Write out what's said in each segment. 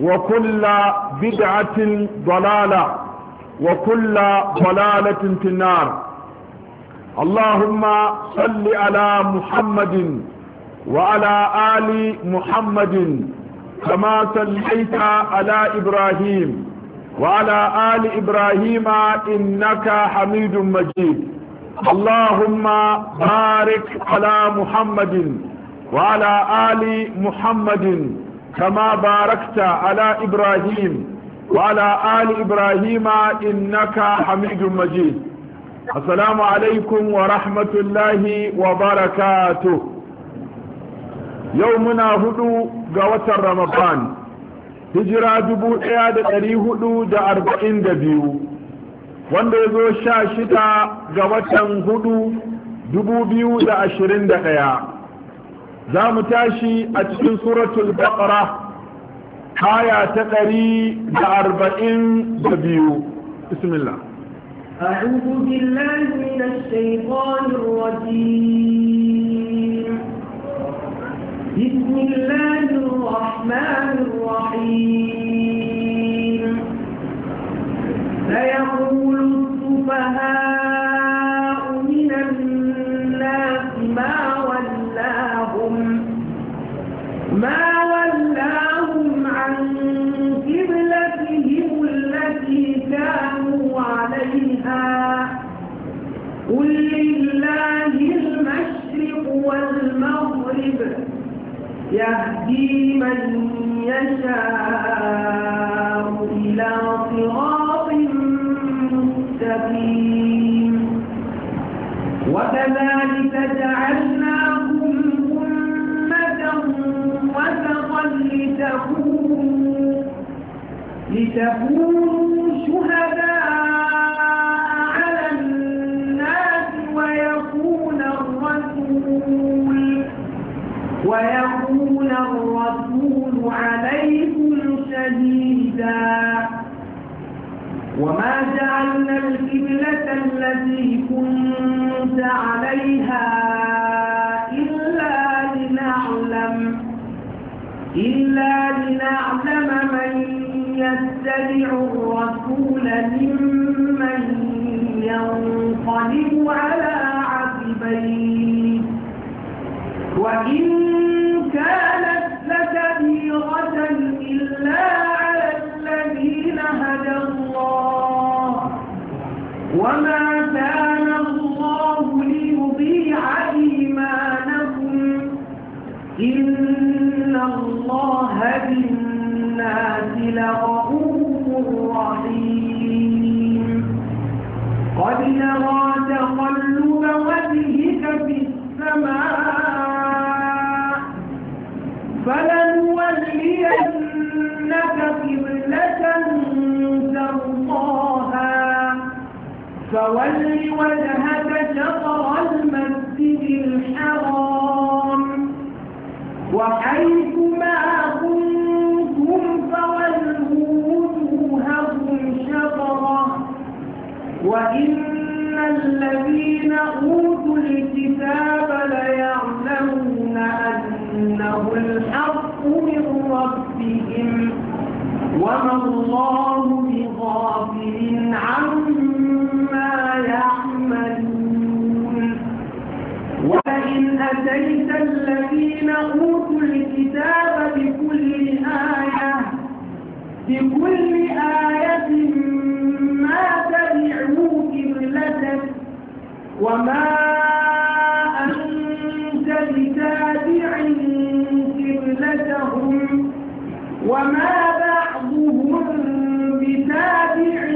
وكل بدعة ضلالة وكل ضلالة في النار اللهم صل على محمد وعلى آل محمد كما صليت على إبراهيم وعلى آل إبراهيم إنك حميد مجيد اللهم بارك على محمد وعلى آل محمد كما باركت على إبراهيم وعلى آل إبراهيم إنك حميد مجيد السلام عليكم ورحمة الله وبركاته يومنا هدو قوة رمضان هجرة دبو إعادة تريه هدو دا أربعين دبيو wanda ya zo sha shida ga watan hudu dubu biyu da ashirin da ɗaya za mu tashi a cikin suratul baqara aya ta ɗari da أعوذ بالله من الشيطان الرجيم بسم الله الرحمن الرحيم سيقول السفهاء من الناس ما ما ولاهم عن قبلتهم التي كانوا عليها قل لله المشرق والمغرب يهدي من يشاء إلى صراط مستقيم وكذلك جعلناكم وسطا لتكونوا لتكونوا شهداء على الناس ويكون الرسول ويكون الرسول عليكم شديدا وما ممن ينقلب على عقبيه وإن كانت لكبيرة إلا على الذين هدى الله وما كان الله ليضيع إيمانكم إن الله بالناس لغفور قد نرى من ربهم وما الله بغافل عما يعملون ولئن أتيت الذين أوتوا الكتاب بكل آية بكل آية ما تبعوا قبلتك وما أنت بتابع وما بعضهم بتابع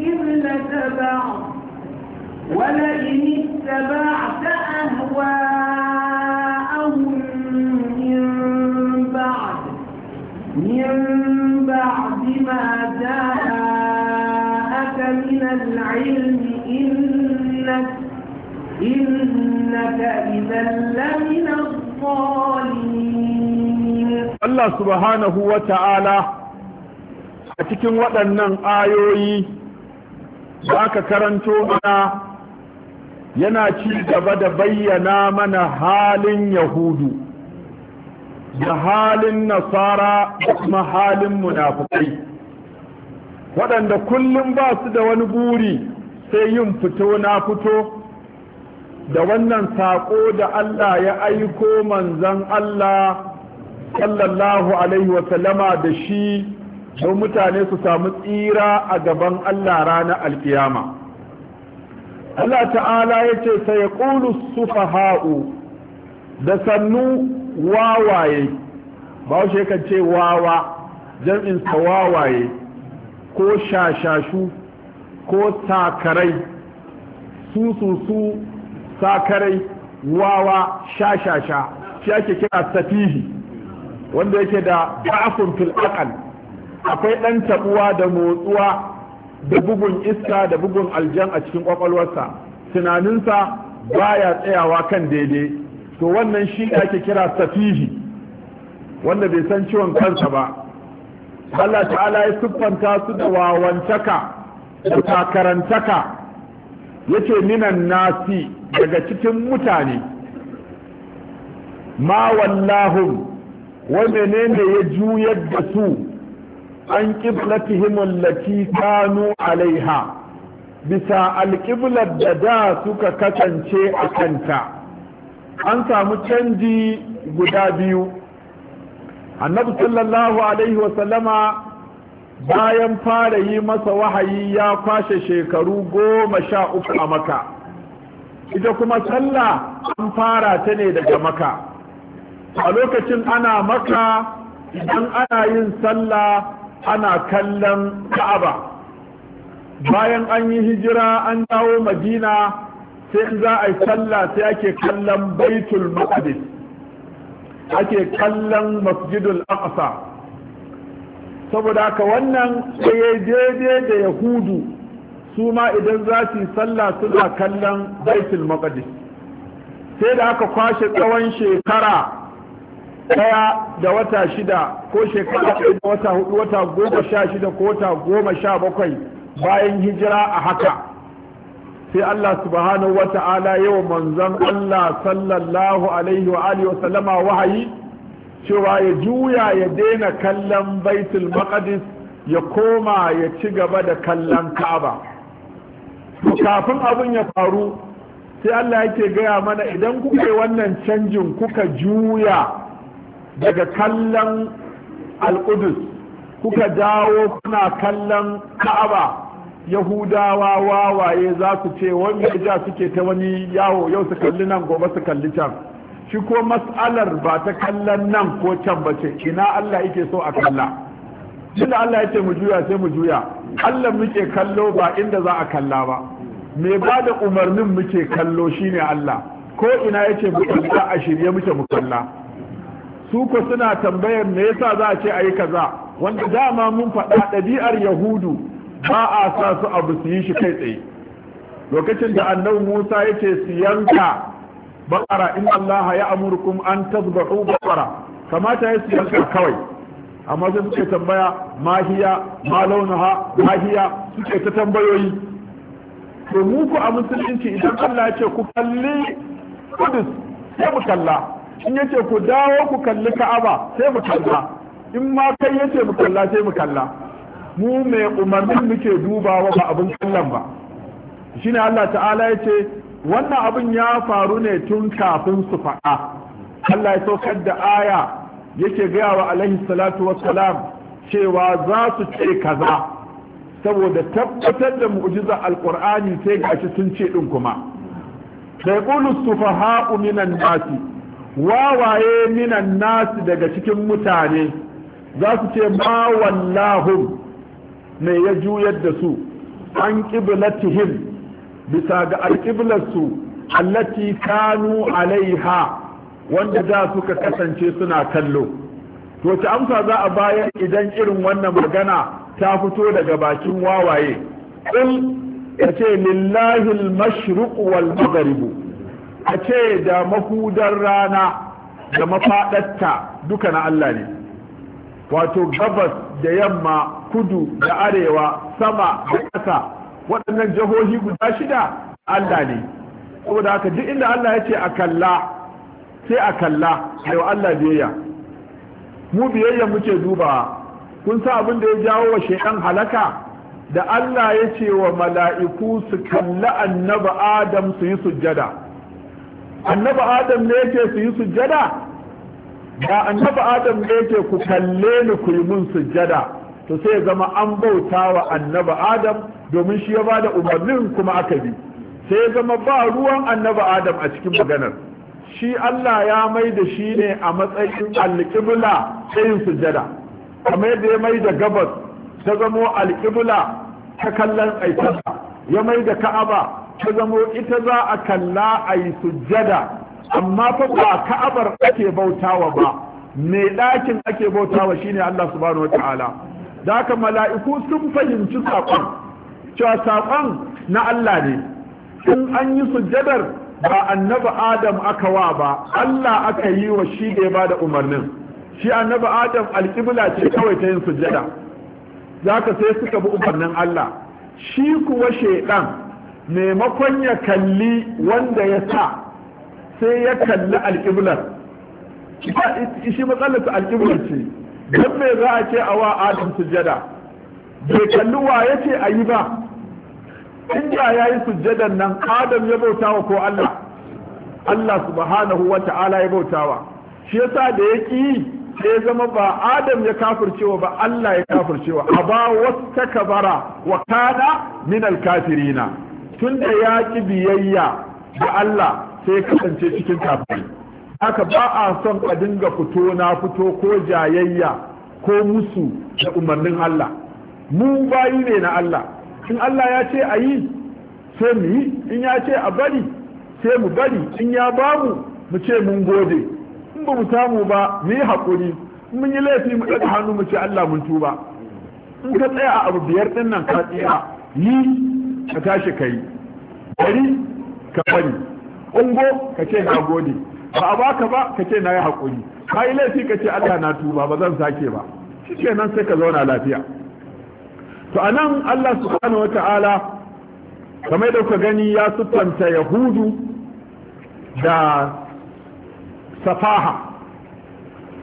قبلة بعض ولئن اتبعت أهواءهم من بعد من بعد ما جاءك من العلم إنك إنك إذا لمن الظالمين Allah subhanahu wa ta'ala a cikin waɗannan ayoyi da aka karanto mana yana ci gaba da bayyana mana halin yahudu da halin nasara da kuma halin munafukai waɗanda kullum ba su da wani buri sai yin fito na fito da wannan saƙo da Allah ya aiko manzan Allah sallallahu alaihi wasallama da shi don mutane su samu tsira a gaban Allah ranar alkiyama Allah ta'ala ya ce sai ya ƙulu sufaha'u da sannu wawaye ba shi kan ce wawa jam'insa wawaye ko shashashu ko sakarai su su su sakarai wawa shashasha shi ake kira safihi wanda yake da ba'afun fil aqal akwai dan tabuwa da motsuwa da bugun iska da bugun aljan a cikin kwakwalwarsa tunaninsa baya tsayawa kan daidai to wannan shi ake kira safihi wanda bai san ciwon kansa ba Allah ta'ala ya siffanta su da wawantaka da takarantaka yace minan nasi daga cikin mutane ma wallahum wai menene ya juyar da su an qiblatihim allati kanu alaiha bisa alƙiblar da da suka kasance a kanta an samu canji guda biyu annabi sallallahu alaihi wa sallama, bayan fara yi masa wahayi ya kwashe shekaru goma sha uku a maka ita kuma sallah an fara ta ne daga maka a lokacin ana maka idan ana yin sallah ana kallon ka'aba bayan an yi hijira an dawo madina sai za a yi sallah sai ake kallon baitul maqdis ake kallon masjidul aqsa saboda haka wannan sai ya daidai da yahudu su ma idan za su yi sallah suna kallon baitul maqdis sai da aka kwashe tsawon shekara daya da wata shida ko shekara ɗaya da wata hudu wata goma sha shida ko wata goma sha bakwai bayan hijira a haka sai Allah subhanahu wa ta'ala yau manzon Allah sallallahu alaihi wa alihi wa sallama wahayi cewa ya juya ya daina kallon baitul maqdis ya koma ya ci gaba da kallon Ka'aba kafin abin ya faru sai Allah yake gaya mana idan kuka yi wannan canjin kuka juya daga kallon alƙudus kuka dawo kuna kallon ka'aba yahudawa wawaye za su ce wani ja suke ta wani yawo yau su kalli nan gobe su kalli can shi ko mas'alar ba ta kallon nan ko can ba ce ina Allah yake so a kalla da Allah ya ce mu juya sai mu juya Allah muke kallo ba inda za a kalla ba me ba da umarnin muke kallo shine Allah ko ina yace mu kalla a shirye muke mu kalla su ko suna tambayar me yasa za a ce ayi kaza wanda dama mun faɗa ɗabi'ar yahudu ba a sa su abu su yi shi kai tsaye lokacin da annabi Musa yace su yanka bakara in allaha ya amurkum an tazbahu bakara kamata ya su yanka kawai amma sai suke tambaya mahiya ma launaha mahiya suke ta tambayoyi to mu ku a musulunci idan Allah ya ce ku kalli kudus sai mu kalla in yace ku dawo ku kalli ka'aba sai mu kalla in ma kai yace mu kalla sai mu kalla mu mai umarnin muke dubawa ba abin kallon ba shine Allah ta'ala yace wannan abin ya faru ne tun kafin su faɗa Allah ya saukar da aya yake gaya wa alaihi salatu wassalam cewa za su ce kaza saboda tabbatar da mu'jiza alqur'ani sai gashi sun ce din kuma sai qulu sufaha'u minan nasi wawaye minan nasu daga cikin mutane za su ce ma wallahum me ya juyar da su an qiblatihim bisa ga alqiblarsu allati kanu alaiha wanda da suka kasance suna kallo to ta amsa za a bayar idan irin wannan magana ta fito daga bakin wawaye ƙul ya ce lillahi al-mashruq wal a ce da mahudar rana da mafaɗarta duka na Allah ne wato gabas da yamma kudu da arewa sama da ƙasa waɗannan jihohi guda shida Allah ne saboda haka duk inda Allah ya ce a kalla sai a kalla yau Allah biyayya mu biyayya muke duba kun sa abin da ya jawo wa shaidan halaka da Allah ya ce wa mala'iku su kalli annaba Adam su yi sujjada Annaba adam ne yake su yi sujjada da annabi adam ne yake ku kalle ni ku yi mun sujjada to sai zama an bauta wa annabi adam domin shi ya ba da umarnin kuma aka bi sai zama ba ruwan annabi adam a cikin maganar shi Allah ya mai da shi ne a matsayin alƙibla ta yin sujjada kamar yadda ya mai da gabas ta zamo alƙibla ta kallon aikinsa ya mai da ka'aba ta zamo ita za a kalla a yi sujjada amma fa ba ka'abar ake bautawa ba mai ɗakin ake bautawa shine Allah subhanahu wa ta'ala da haka mala'iku sun fahimci saƙon cewa saƙon na Allah ne in an yi sujjadar ba annabi adam aka wa ba Allah aka yi wa shi da ya ba da umarnin shi annabi adam alƙibla ce kawai ta yin sujjada za ka sai suka bi umarnin Allah shi kuwa shaidan maimakon ya kalli wanda ya sa sai ya kalli alƙiblar shi matsalarsa alƙiblar ce don me za a ce a wa adam sujada? bai kalli wa ya ce a yi ba inda ya yi sujadan nan adam ya bautawa ko allah allah subhanahu wa ta'ala ya bautawa shi yasa da ya ƙi sai ya zama ba adam ya kafircewa ba allah ya kafircewa a ba wasu takabara wa kana min alkafirina tunda ya ki biyayya da Allah sai kasance cikin kafin. haka ba a son a dinga fito na fito ko jayayya ko musu da umarnin Allah mu bayi ne na Allah in Allah ya ce a yi sai mu yi in ya ce a bari sai mu bari in ya bamu mu ce mun gode in ba mu samu ba mu yi haƙuri mun yi laifi mu ɗaga hannu mu ce Allah mun tuba in ka tsaya a abu biyar ɗin nan ka tsaya yi ka tashi ka yi bari ka bari ungo ka ce na gode ba a baka ba ka ce na yi haƙuri ka yi laifi ka ce Allah na tuba ba zan sake ba shi nan sai ka zauna lafiya to a nan Allah subhanahu ta'ala kamar da kuka gani ya siffanta yahudu da safaha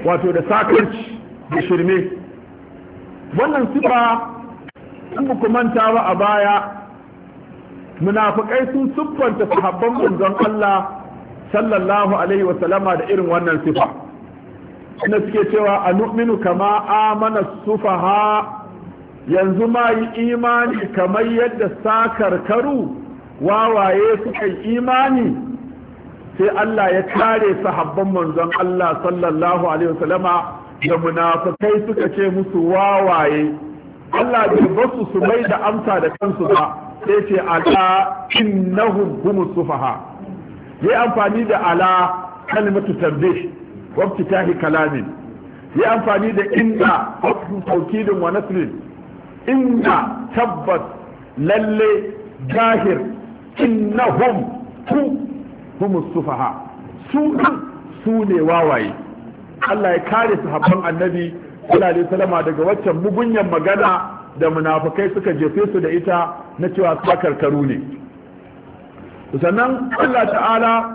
wato da sakarci da shirme wannan sifa in ku manta ba a baya munafikai sun siffanta sahabban manzon Allah sallallahu alaihi wa sallama da irin wannan sifa inda suke cewa a nu'minu kama amana sufaha yanzu ma yi imani kamar yadda karu wawaye suka yi imani sai Allah ya kare sahabban manzon Allah sallallahu alaihi wa sallama da munafikai suka ce musu wawaye Allah bai basu su mai da amsa da kansu ba sai ce ala innahum humus sufaha amfani da ala kalmatu tambih wa ibtitahi kalamin yi amfani da inna hukm tawkidin wa nasrin inna tabbas lalle jahir innahum tu humus sufaha su su ne wawaye Allah ya kare sahabban annabi sallallahu alaihi wasallam daga waccan mugunyan magana da munafikai suka jefe su da ita na cewa karkaru ne sannan Allah ta'ala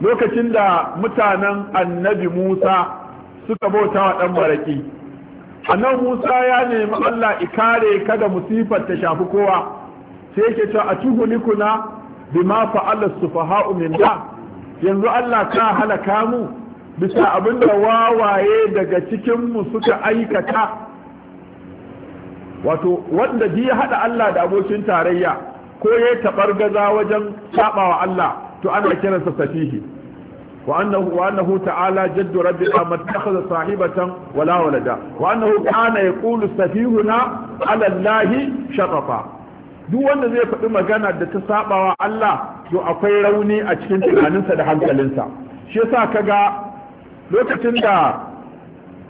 lokacin da mutanen annabi Musa suka bauta wa ɗan baraki annabi Musa ya nemi Allah ikare kada musifar ta shafi kowa sai yake cewa bi bima fa'ala sufaha'u da? yanzu Allah ka halaka mu bisa abinda wawaye daga cikin mu suka aikata wato wanda ji ya haɗa Allah da abokin tarayya ko ya taɓar gaza wajen saɓawa Allah to ana kiransa safihi wa annahu wa annahu ta'ala jaddu rabbika mattakhadha sahibatan wala walada wa annahu kana yaqulu safihuna ala allahi shatafa duk wanda zai faɗi magana da ta saɓawa Allah to akwai rauni a cikin tunaninsa da hankalinsa shi yasa kaga lokacin da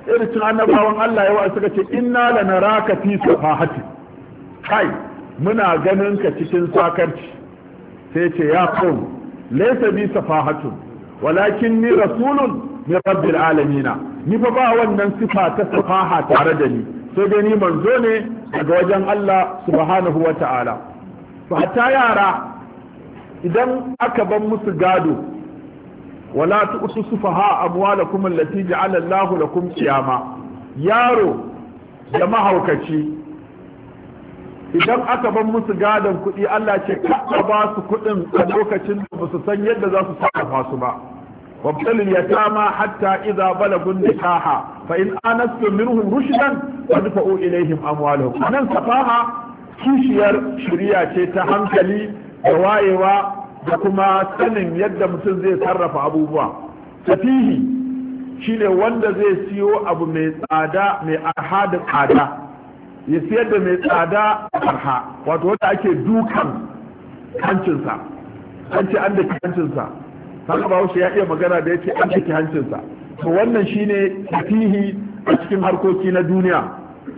irin cin annabawan Allah yawa suka ce inna da fi safahati kai muna ganin ka cikin sakarci sai ce ya qaum laysa bi safahatun walakin ni rasulun min rabbil alamin ni fa ba wannan sifa ta safaha tare da ni sai dai ni manzo ne daga wajen Allah subhanahu wa ta'ala fa hatta yara idan aka ban musu gado wala tu'tu sufaha amwalakum allati ja'ala Allahu lakum qiyama yaro ya mahaukaci idan aka ban musu gadon kuɗi Allah ce ka ba su kuɗin a lokacin da ba su san yadda za su sarrafa su ba wabtalil yatama hatta idza balagun nikaha fa in anastu minhum rushdan fadfa'u ilaihim amwalahum nan safaha kishiyar shari'a ce ta hankali da wayewa da kuma sanin yadda mutum zai sarrafa abubuwa tafihi shine wanda zai siyo abu mai tsada mai arha da tsada ya siyar da mai tsada arha wato wanda ake dukan hancinsa an ce an daki hancinsa haka ba ya iya magana da yake an daki hancinsa to wannan shine tafihi a cikin harkoki na duniya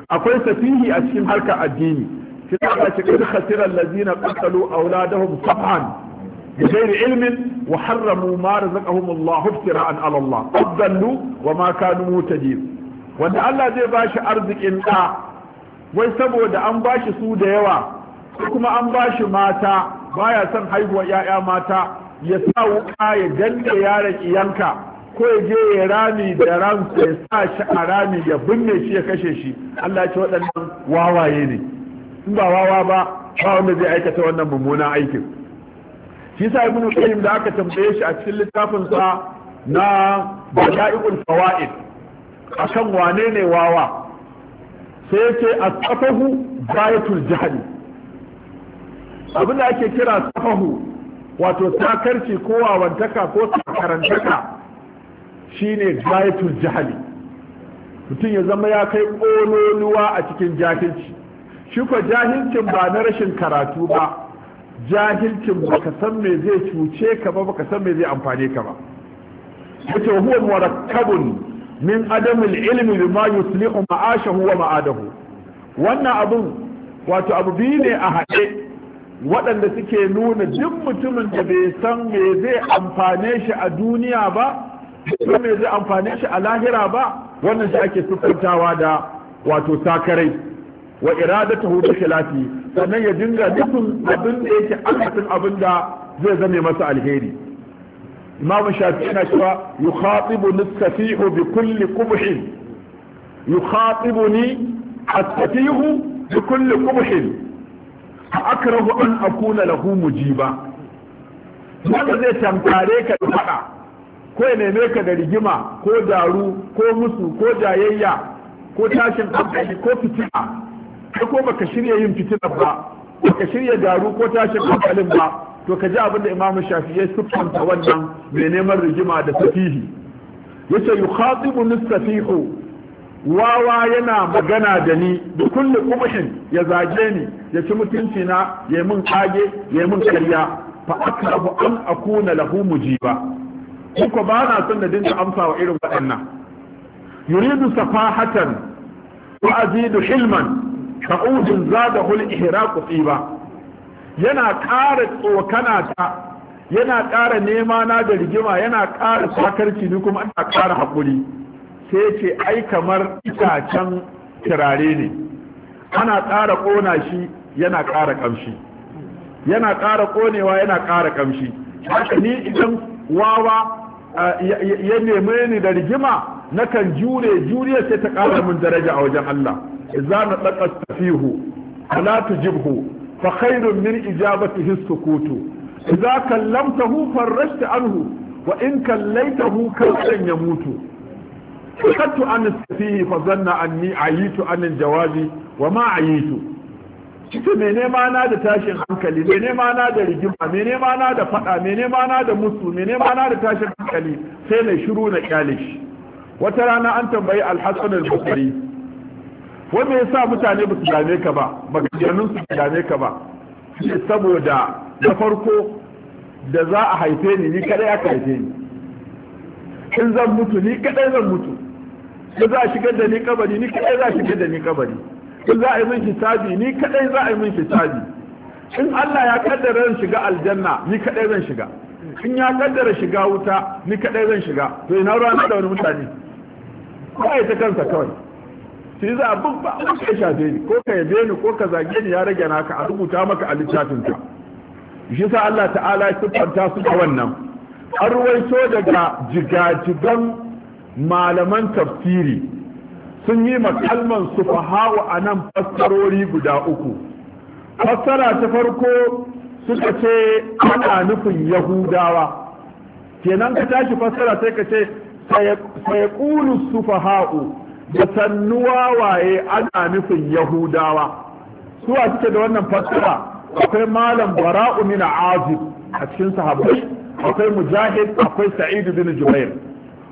akwai tafihi a cikin harkar addini sai aka ce kad khasira allazina qatalu awladahum بغير علم وحرموا ما رزقهم الله افتراء على الله قد ضلوا وما كانوا مهتدين wanda Allah zai ba shi arzikin ɗa wai saboda an ba shi su da yawa kuma an ba shi mata baya son haihuwar ‘ya'ya mata ya sa wuka ya danne yaron iyanka ko ya je ya rami da ran ya sa shi a rami ya binne shi ya kashe shi Allah ya ce waɗannan wawaye ne in ba wawa ba ba wanda zai aikata wannan mummunan aikin shi sa ibn qayyim da aka tambaye shi a cikin littafin sa na bada'iul fawaid akan wane ne wawa sai yake asfahu bayatul jahli abin da ake kira safahu wato takarci ko wawantaka ko sakarantaka shine bayatul jahli mutum ya zama ya kai ƙololuwa a cikin jahilci shi ko jahilcin ba na rashin karatu ba jahilcin baka san me zai cuce ka ba baka san me zai amfane ka ba yace huwa murakkabun min adamul ilmi bima yuslihu ma'ashahu wa ma'adahu wannan abun wato abu biyu ne a haɗe waɗanda suke nuna duk mutumin da bai san me zai amfane shi a duniya ba ko me zai amfane shi a lahira ba wannan shi ake sukuntawa da wato sakarai wa iradatuhu bi khilafi sannan ya dinga nufin abin da yake akasin abin da zai zame masa alheri imamu shafi yana cewa yukhatibuni as-safihu bi kulli qubhin yukhatibuni as-safihu bi kulli qubhin akrahu an akuna lahu mujiba wanda zai tankare ka da fada ko ya neme ka da rigima ko daru ko musu ko jayayya ko tashin hankali ko fitina kai ko baka shirya yin fitina ba baka shirya garu ko tashin hankalin ba to ka ji abin da imamu shafi ya siffanta wannan mai neman rigima da safihi Ya ce yace yukhatibu nisafihu wawa yana magana da ni da kulli qubhin ya zage ni ya ci mutunci na ya min kage ya min karya fa akrabu an akuna lahu mujiba kuka ba na son da dinka amsa wa irin waɗannan yuridu safahatan wa azidu hilman ka'udin hul ihraqu ba. yana ƙara tsokana ta yana ƙara nema na da rigima yana ƙara sakarci ni kuma ana ƙara haƙuri sai ce ai kamar itacen turare ne ana ƙara ƙona shi yana ƙara ƙamshi yana ƙara ƙonewa yana ƙara ƙamshi haka ni idan wawa ya neme ni da rigima nakan jure juriya sai ta ƙara min daraja a wajen Allah Za idza nataqat fihu fala tujibhu fa khairun min ijabatihi as-sukutu idza kallamtahu farajta anhu wa in kallaitahu kallan yamutu فقدت fa السفيه فظن أني عييت عن الجواب وما عييت ita mene ma na da tashin hankali mene ma na da rigima mene ma na da fada mene ma na da musu mene ma na da tashin hankali sai na shiru na kyale shi wata rana an tambayi alhassan al-bukhari ko me yasa mutane ba su dame ka ba maganganun su dame ka ba saboda na farko da za a haife ni ni kadai aka haife ni in zan mutu ni kadai zan mutu in za a shigar da ni kabari ni kadai za a shigar da ni kabari in za a yi min hisabi ni kadai za a yi min hisabi in Allah ya kaddara zan shiga aljanna ni kadai zan shiga in ya kaddara shiga wuta ni kadai zan shiga to ina ruwa na da wani mutane ko ai ta kansa kawai sai za a babba a shafe ni ko ka yabe ni ko ka zage ni ya rage naka a rubuta maka a littafin ka shi sa Allah ta'ala ya siffanta su da wannan an ruwaito daga jigajigan malaman tafsiri sun yi makalman su fahawa a nan fassarori guda uku fassara ta farko suka ce ana nufin yahudawa kenan ka tashi fassara sai ka ce sayaqulu sufaha'u da sannu waye ana nufin yahudawa Su suwa suke da wannan fassara akwai malam bara'u min azib a cikin sahabbai akwai mujahid akwai sa'id bin jubair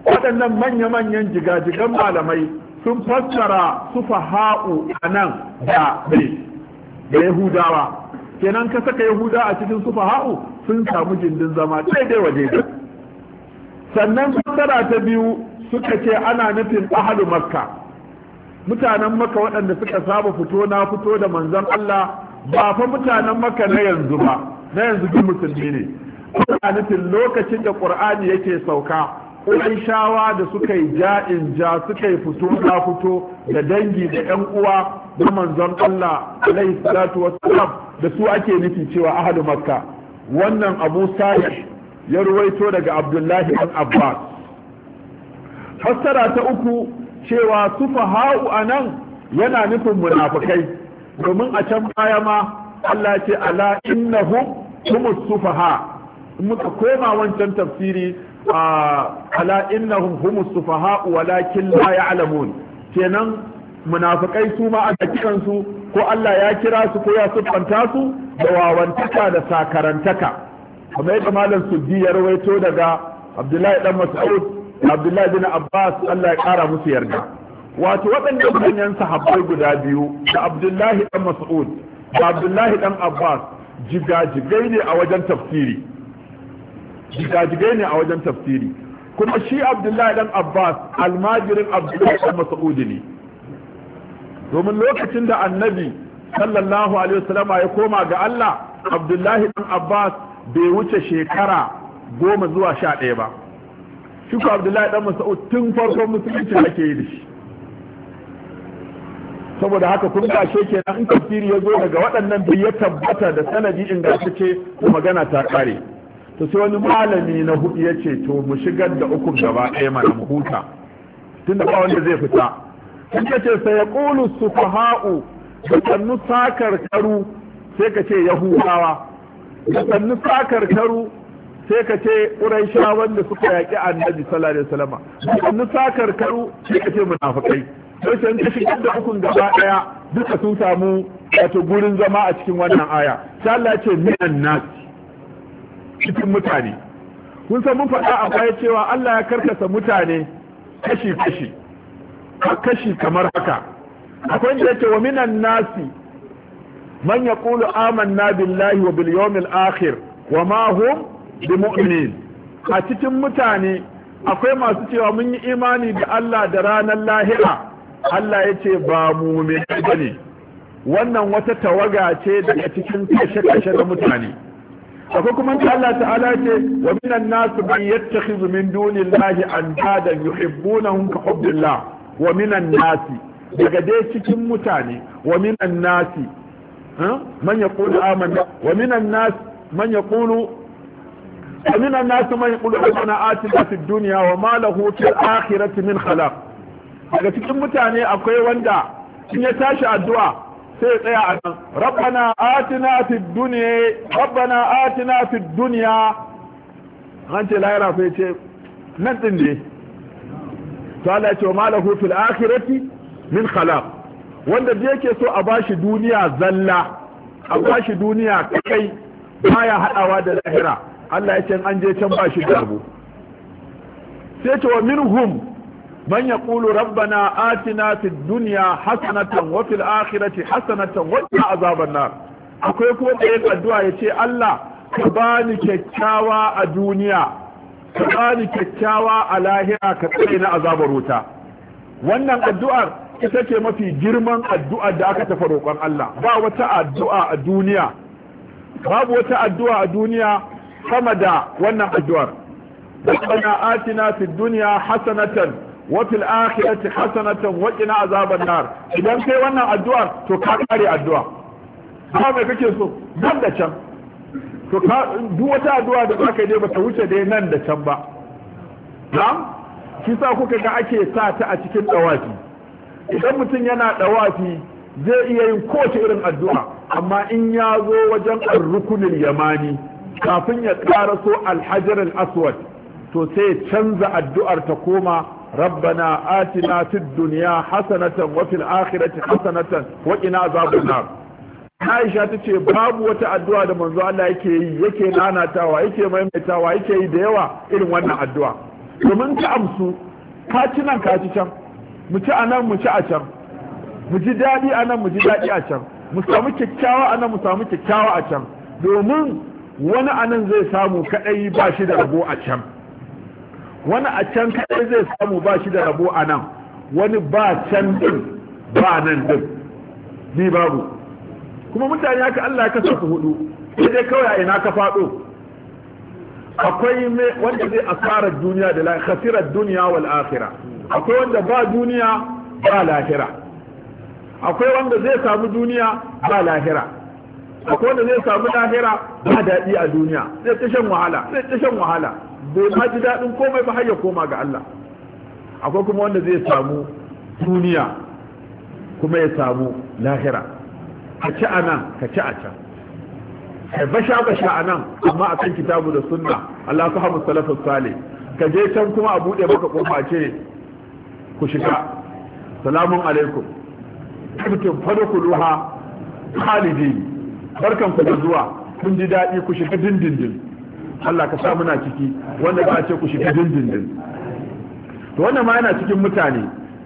waɗannan manya-manyan jigajigan malamai sun fassara sufaha'u a nan da bai da yahudawa kenan ka saka yahuda a cikin sufaha'u sun samu jindin zama daidai waje sannan fassara ta biyu suka ce ana nufin ahalu makka mutanen makka waɗanda suka saba fito na fito da manzon Allah ba fa mutanen makka na yanzu ba na yanzu duk musulmi ne ana nufin lokacin da qur'ani yake sauka shawa da suka yi ja'in ja suka yi fito na fito da dangi da yan uwa da manzon Allah alaihi salatu da su ake nufi cewa ahalu makka wannan abu sahih ya ruwaito daga abdullahi an abbas fassara ta uku cewa sufaha'u nan yana nufin munafukai. domin a can baya ma Allah ce ala innahum humus sufaha muka koma wancan tafsiri ala innahum humus sufaha walakin la ya'lamun kenan munafikai su ma aka kiran su ko Allah ya kira su ko ya siffanta su da wawantaka da sakarantaka kamar yadda malam Suddi ya rawaito daga Abdullahi dan Mas'ud abdullahi bin abbas allah ya kara musu yarda wato waɗannan manyan sahabbai guda biyu da abdullahi dan mas'ud da abdullahi dan abbas jigajigai ne a wajen tafsiri jigajigai ne a wajen tafsiri kuma shi abdullahi dan abbas almajirin abdullahi dan mas'ud ne domin lokacin da annabi sallallahu alaihi wasallam ya koma ga Allah abdullahi dan abbas bai wuce shekara goma zuwa sha ɗaya ba shi ko abdullahi dan mas'ud tun farkon musulunci ake yi da shi saboda haka kun gashe kenan in tafsiri ya zo daga waɗannan biyu ya tabbata da sanadi ingantacce ko magana ta kare to sai wani malami na hudu ya ce to mu shigar da uku gaba ɗaya mana mu huta Tun ba wanda zai fita in ka ce sai ya ƙulu su fahau da sannu sakar karu sai ka ce yahudawa da sannu sakar karu sai ka ce ƙuraisha wanda suka yaƙi annabi sallallahu alaihi wasallam sannu sakar karu sai ka ce munafikai sai ka shigar da ukun gaba daya duka sun samu wato gurin zama a cikin wannan aya sai Allah ce minan nas cikin mutane kun san mun faɗa a baya cewa Allah ya karkasa mutane kashi kashi kashi kamar haka akwai da yake wa minan nasi man yaqulu amanna billahi wa bil yawmil akhir wa ma hum bi a cikin mutane akwai masu cewa mun yi imani da Allah da ranar lahira Allah ya ce ba mu mai ne wannan wata tawaga ce daga cikin kashe-kashe na mutane akwai kuma Allah ta'ala ce wa minan nasu man yattakhidhu min dunillahi andadan yuhibbunahum ka hubbillah wa minan nasi daga dai cikin mutane wa minan nasi man yaqulu amanna wa minan nasi man yaqulu ومن الناس من يقول ربنا آتنا في الدنيا وما له في الآخرة من خلاق daga cikin mutane akwai wanda in ya tashi addu'a sai ya tsaya a nan rabbana atina fi dunya rabbana atina fi dunya an ce lahira sai ce nan din ne to Allah ya ce ma lahu fil akhirati min khalaq wanda da yake so a bashi duniya zalla a bashi duniya kai baya hadawa da lahira Allah ya ce an je can ba shi garbu sai ce wa minhum man yaqulu rabbana atina fid dunya hasanatan wa fil akhirati hasanatan wa qina azaban nar akwai kuma da yin addu'a yace Allah ka bani kyakkyawa a duniya ka bani kyakkyawa a lahira ka tsare na azabar wuta wannan addu'ar ita ce mafi girman addu'a da aka tafa roƙon Allah ba wata addu'a a duniya babu wata addu'a a duniya sama da wannan addu'ar rabbana atina fi dunya hasanatan wa fil akhirati hasanatan wa qina azaban nar idan kai wannan addu'ar to ka kare addu'a ba mai kake so nan da can to ka duk wata addu'a da zaka yi ba ta wuce dai nan da can ba dan shi sa kuka ga ake sa ta a cikin dawafi idan mutum yana dawafi zai iya yin kowace irin addu'a amma in ya zo wajen rukunin yamani kafin ya so alhajar al'aswad aswad to sai canza addu'ar ta koma rabbana atina fi Duniya, hasanatan wa fil akhirati hasanatan wa qina azabun nar Aisha ce babu wata addu'a da manzo Allah yake yi yake nanatawa yake maimaitawa yake yi da yawa irin wannan addu'a domin ta amsu ka ci nan ka ci can mu ci anan mu ci a can mu ji daɗi anan mu ji daɗi a can mu samu kyakkyawa anan mu samu kyakkyawa a can domin wani anan zai samu kadai ba shi da rabo a can wani a can kadai zai samu ba shi da rabo a nan wani ba can din ba nan din ni babu kuma mutane haka Allah ya kasa su hudu sai dai kawai a ina ka fado akwai wanda zai asara duniya da lahira duniya wal akhirah akwai wanda ba duniya ba lahira akwai wanda zai samu duniya ba lahira akwai wanda zai samu lahira ba daɗi a duniya zai ta shan wahala zai ta shan wahala bai ma daɗin komai ba har ya koma ga Allah akwai kuma wanda zai samu duniya kuma ya samu lahira ka ci a nan ka ci a can kai ba sha a nan amma a kan kitabu da sunna Allah su hamu salafin sale ka je can kuma a buɗe maka kofa ce ku shiga salamun alaikum tabbatin fadakuluha khalidin barkan ku da zuwa kun ji daɗi ku shiga dindindin Allah ka sa muna ciki wanda ba a ce ku shiga dindindin to wanda ma yana cikin mutane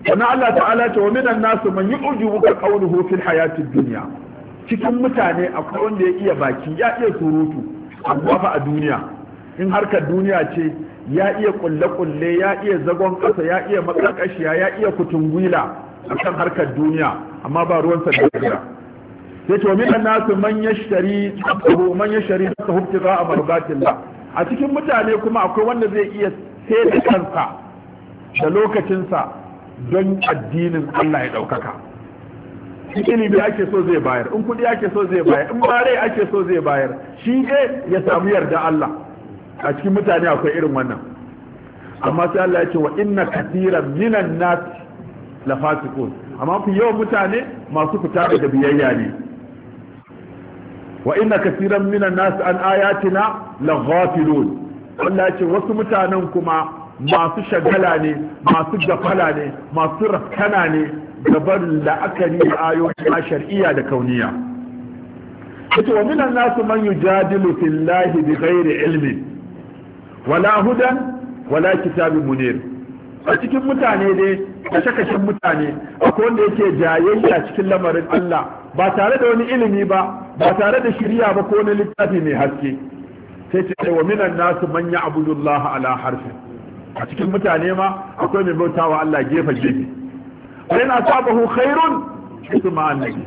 wani Allah ta'ala ce wa minan nasu man yu'jibu ka qawluhu fil hayati dunya cikin mutane akwai wanda ya iya baki ya iya surutu amma fa a duniya in harkar duniya ce ya iya kulle-kulle ya iya zagon ƙasa ya iya makarƙashiya ya iya kutungwila a harkar duniya amma ba ruwan sa sai to min annasu man yashtari nafsuhu man yashtari nafsuhu ibtigha'a mardatillah a cikin mutane kuma akwai wanda zai iya sai da kansa da lokacinsa don addinin Allah ya daukaka ilimi ake so zai bayar in kudi ake so zai bayar in bare ake so zai bayar shi ne ya samu yarda Allah a cikin mutane akwai irin wannan amma sai Allah ya ce wa inna kathiran minan nas la fasiqun amma fi yawan mutane masu fita da biyayya ne wa inna kasiran minan nasu an ayatina la ghafilun Allah ce wasu mutanen kuma masu shagala ne masu dafala ne masu rafkana ne gabar la'akari da ayoyi shar'iyya da kauniya yace wa minan nasu man yujadilu fillahi bi ghairi ilmin wala hudan wala kitabin munir a cikin mutane dai kashe-kashen mutane akwai wanda yake a cikin lamarin Allah ba tare da wani ilimi ba ba tare da shirya ba ko na littafi mai haske sai ce wa minan nasu man ya'budu Allah ala harfin a cikin mutane ma akwai mai bauta wa Allah gefe gefe wani na hu khairun isma annabi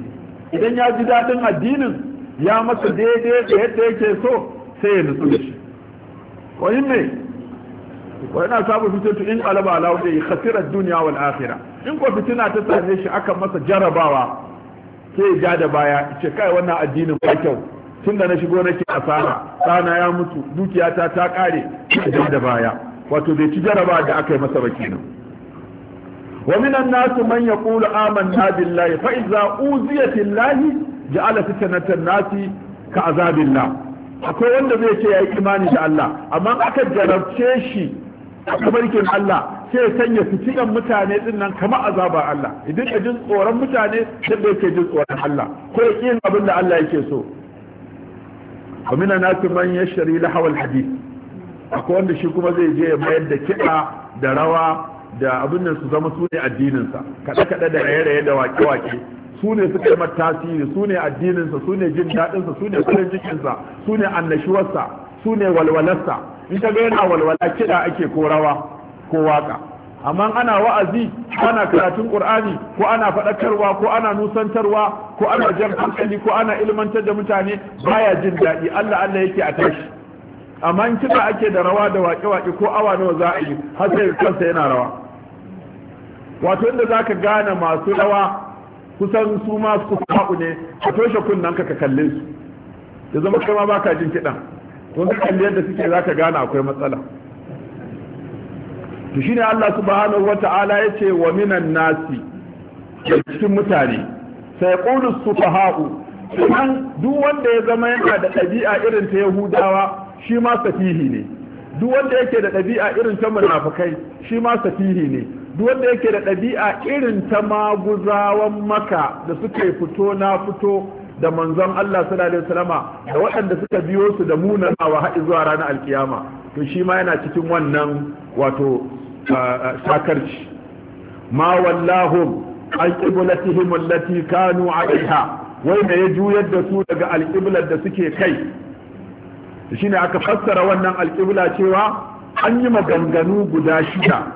idan ya ji dadin addinin ya masa daidai da yadda yake so sai ya nutsu shi wani ne na saba su ce in alaba ala wajhi khasira ad wal akhirah in ko fitina ta same shi akan masa jarabawa sai ya ja da baya ce kai wannan addinin ba kyau tun da na shigo nake asara ɗana ya mutu dukiyata ta kare ya ja da baya wato bai ci jaraba da aka yi masa ba kenan ومن الناس من يقول آمنا بالله فإذا أوذيت الله جعل فتنة nasi ka الله akwai wanda zai ce yayi imani da Allah amma aka jarabce shi a barkin Allah sai sanya fitilan mutane din nan kamar azaba Allah idan ka jin tsoron mutane sai bai ke jin tsoron Allah ko ya yin abin da Allah yake so wa mina nasu man la lahawal hadith akwai wanda shi kuma zai je ya mayar da kiɗa da rawa da abin da su zama su ne addininsa kaɗe kaɗe da raye-raye da wake-wake su ne suka yi tasiri su ne addininsa su ne jin daɗinsa su ne kudin sa su ne annashuwarsa su ne walwalarsa in ka ga yana walwala kiɗa ake ko rawa ko waka amma ana wa'azi ko ana karatun qur'ani ko ana fadakarwa ko ana nusantarwa ko ana jan hankali ko ana ilmantar da mutane baya jin daɗi Allah Allah yake a tashi amma in kiɗa ake da rawa da waƙe-waƙe ko awa nawa za a yi har sai kansa yana rawa wato inda za ka gane masu rawa kusan su ma su ne ka toshe kunnen ka ka kalle su ya zama kai ma baka jin kiɗan kun kalli yadda suke zaka gane akwai matsala to shine Allah subhanahu wata'ala yace wa minan nasi cikin mutane sai qulu sufaha'u dan duk wanda ya zama yana da ɗabi'a irin ta Yahudawa shi ma safihi ne duk wanda yake da ɗabi'a irin ta munafikai shi ma safihi ne duk wanda yake da ɗabi'a irin ta maguzawan maka da suka fito na fito da manzon Allah sallallahu alaihi wasallama da waɗanda suka biyo su da munanawa har zuwa ranar alkiyama to shi ma yana cikin wannan wato sakarci ma wallahum an qiblatihim allati kanu alaiha wai me ya juyar da su daga alƙiblar da suke kai shine aka fassara wannan alƙibla cewa an yi maganganu guda shida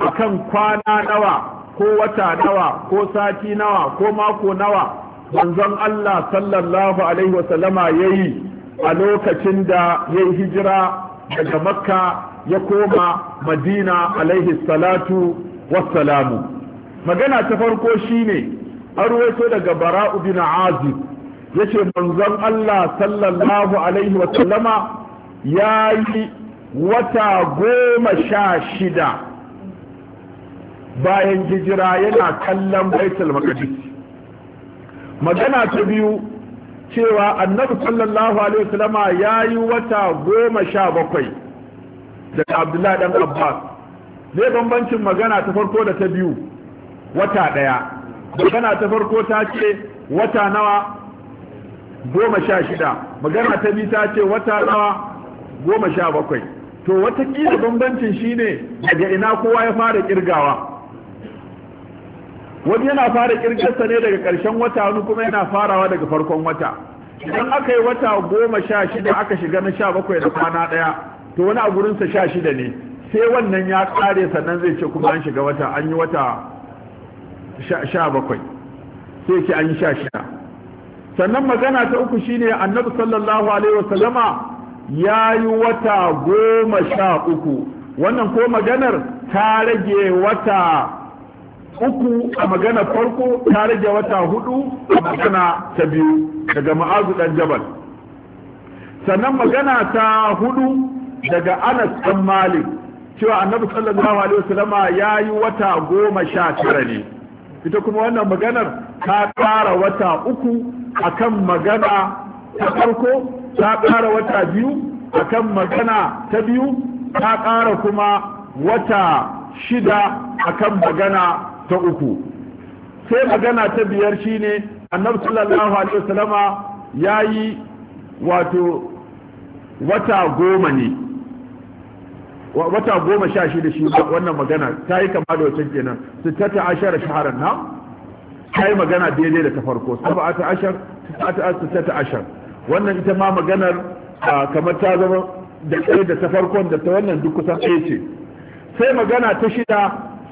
akan kwana nawa ko wata nawa ko sati nawa ko mako nawa manzon Allah sallallahu alaihi wasallama yayi a lokacin da yayi hijira daga makka ya koma madina alaihi salatu wassalamu magana ta farko shine an ruwaito daga bara'u bin azib yace manzon Allah sallallahu alaihi wa sallama yayi wata goma sha shida bayan hijira yana kallon baitul maqdis magana ta biyu cewa annabi sallallahu alaihi wasallama yayi wata goma sha bakwai daga abdullahi dan abbas ne bambancin magana ta farko da ta biyu wata ɗaya magana ta farko ta ce wata nawa goma sha shida magana ta biyu ta ce wata nawa goma sha bakwai to watakila bambancin shine daga ina kowa ya fara kirgawa wani yana fara kirgarsa ne daga ƙarshen wata wani kuma yana farawa daga farkon wata idan aka yi wata goma sha shida aka shiga na sha bakwai da kwana ɗaya to wani a gurinsa sha shida ne sai wannan ya kare sannan zai ce kuma an shiga wata an yi wata sha bakwai sai ce an yi sha shida sannan magana ta uku shine annabi sallallahu alaihi wasallama ya yi wata goma sha uku wannan ko maganar ta rage wata uku a magana farko ta rage wata hudu a magana ta biyu daga ma'azu dan jabal sannan magana ta hudu daga Anas dan Malik cewa Annabi sallallahu alaihi wasallama yayi wata goma sha tara ne ita kuma wannan maganar ta ƙara wata uku akan magana ta farko ta ƙara wata biyu akan magana ta biyu ta ƙara kuma wata shida akan magana ta uku sai magana ta biyar shine annabi sallallahu alaihi wasallama yayi wato wata goma ne wata goma sha shi da shi wannan magana ta yi kama da wancan kenan su ta ta ashara shaharar na ta yi magana daidai da ta farko ta ashar ta ashar wannan ita ma maganar kamar ta zama da ɗaya da ta farkon da ta wannan duk kusan ɗaya ce sai magana ta shida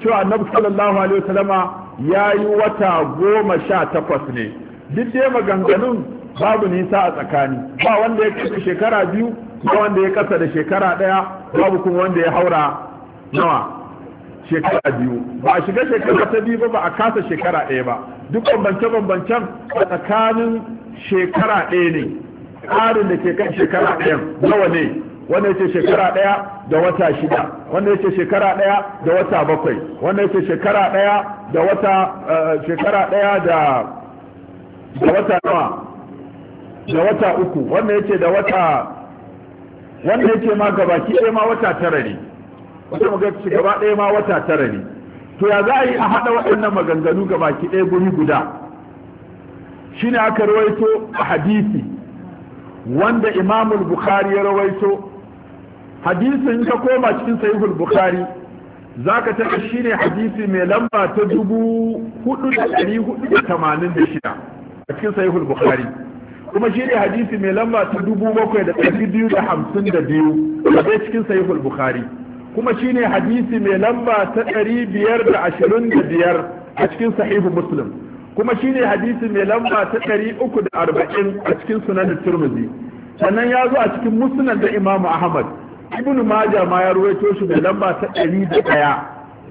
cewa annabi sallallahu alaihi wasallama ya yi wata goma sha takwas ne duk dai maganganun babu nisa a tsakani ba wanda ya kasa shekara biyu ba wanda ya kasa da shekara ɗaya babu kuma wanda ya haura nawa shekara biyu ba a shiga shekara ta biyu ba ba a kasa shekara ɗaya ba duk bambance-bambancen a tsakanin shekara ɗaya ne ƙarin da ke kan shekara ɗaya nawa ne wanda yake shekara ɗaya da wata shida wanda yake shekara ɗaya da wata bakwai wanda yake shekara ɗaya da wata eh, shekara ɗaya da da wata nawa da wata uku wanda yake da wata wanda yake ma gabaki ɗaya ma wata tara ne wata magana gaba ɗaya ma wata tara ne to ya za a yi a haɗa waɗannan maganganu gabaki ɗaya guri guda shine aka rawaito a hadisi wanda imamul bukhari ya rawaito hadisin ka koma cikin sahihul bukhari zaka ta shine hadisi mai lamba ta dubu hudu da dari hudu da tamanin da shida a cikin sahihul bukhari kuma shi ne hadisi mai lamba ta dubu bakwai da ɗari biyu da hamsin da biyu da cikin sahihul bukhari kuma shi ne hadisi mai lamba ta ɗari biyar da ashirin da biyar a cikin sahihu muslim kuma shi ne hadisi mai lamba ta ɗari uku da arba'in a cikin sunan turmuzi sannan ya zo a cikin musnad da imamu ahmad ibnu maja ma ya ruwaito shi mai lamba ta ɗari da ɗaya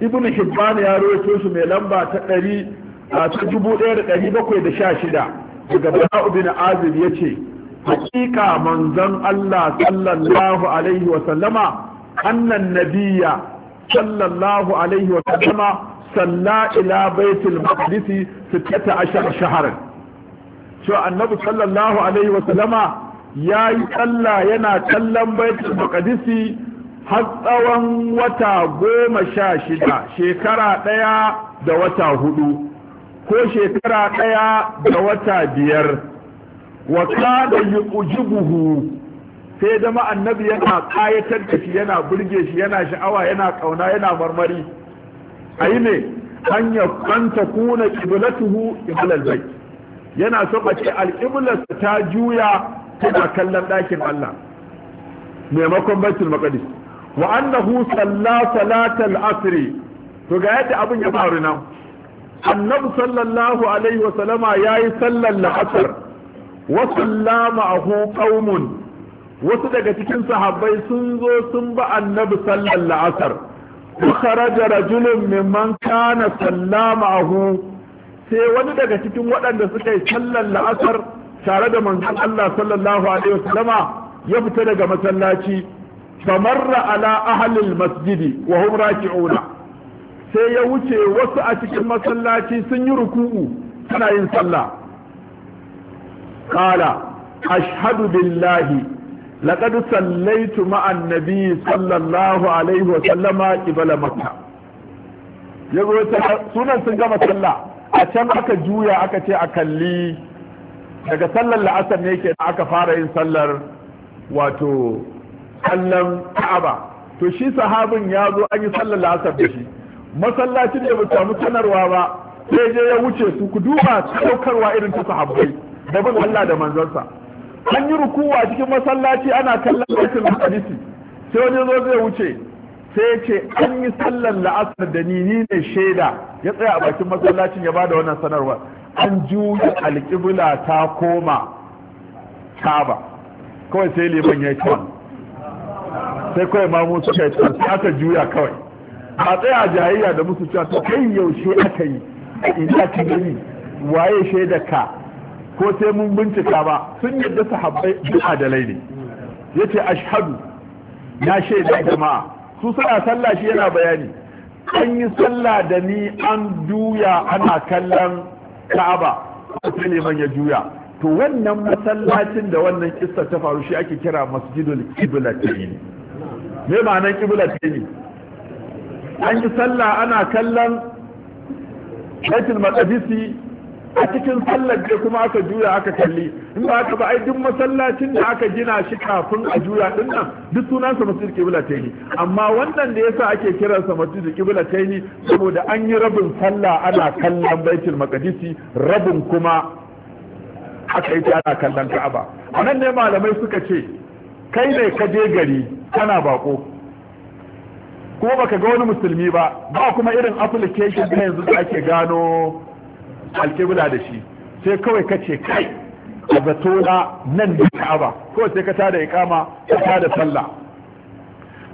ibnu hibban ya ruwaito shi mai lamba ta ɗari a cikin dubu ɗaya da ɗari bakwai da sha shida daga bara'u bin azib ya ce hakika manzon Allah sallallahu alaihi wa sallama annan nabiyya sallallahu alaihi wa sallama salla ila baitul maqdis 16 shahran to annabi sallallahu alaihi wa sallama yayi salla yana kallon baitul maqdis har tsawon wata goma sha shida shekara ɗaya da wata hudu ko shekara ɗaya da wata biyar wa kada yujibuhu sai zama annabi yana kayatar da shi yana burge shi yana sha'awa yana kauna yana marmari ayi ne an ya kuna qiblatuhu qiblal bai. yana so a ce alqiblar ta juya tana kallon ɗakin Allah maimakon baitul maqdis wa annahu salla salatal asri to ga yadda abin ya faru nan annabi sallallahu alaihi wa sallama yayi sallar la'asar wa sallama ahu wasu daga cikin sahabbai sun zo sun ba annabi sallar la'asar wa kharaja rajulun mimman kana sallama sai wani daga cikin waɗanda suka yi sallar la'asar tare da manzon Allah sallallahu alaihi wa ya fita daga masallaci famarra ala ahlil masjidi wa hum raki'una sai ya wuce wasu a cikin masallaci sun yi ruku'u suna yin sallah Kala, ashhadu billahi laqad sallaitu ma'a nabi sallallahu alaihi wa sallama qibla makkah sunan sun gama sallah a can aka juya aka ce a kalli daga sallar la'asar ne ke aka fara yin sallar wato sallan ka'aba to shi sahabin ya zo an yi sallar la'asar da shi masallacin da bai samu sanarwa ba sai je ya wuce su ku duba saukarwa irin ta sahabbai da bin Allah da manzansa an yi rukuwa cikin masallaci ana kallon baitul hadisi sai wani zo zai wuce sai ce an yi sallar la'asar da ni ni ne shaida ya tsaya a bakin masallacin ya bada wannan sanarwa an juya alƙibla ta koma kaba kawai sai liman ya yi sai kawai mamu suka yi aka juya kawai ba tsaya jayayya da musu cewa to kai yaushe aka yi ina ka gani waye shaida ka ko sai mun bincika ba sun yadda sahabbai da adalai ne yace ashhadu na shaida jama'a su suna sallah shi yana bayani an yi sallah da ni an juya ana kallon ka'aba sai liman ya juya to wannan masallacin da wannan kissa ta faru shi ake kira masjidul qiblatayn me ma'anar qiblatayn an yi sallah ana kallon baitul maqdisi a cikin sallar da kuma aka juya aka kalli in ba ka ba ai duk masallacin da aka gina shi kafin a juya din nan duk sunansa masjid qibla yi amma wannan da yasa ake kiransa masjid qibla yi saboda an yi rabin sallah ana kallon baitul maqdisi rabin kuma aka yi ana kallon ka'aba anan ne malamai suka ce kai ne ka je gari kana bako ko baka ga wani musulmi ba ba kuma irin application da yanzu da ake gano alkebula da shi sai kawai ka ce kai a zato na nan da ka'aba ko sai ka tada ikama ka tada sallah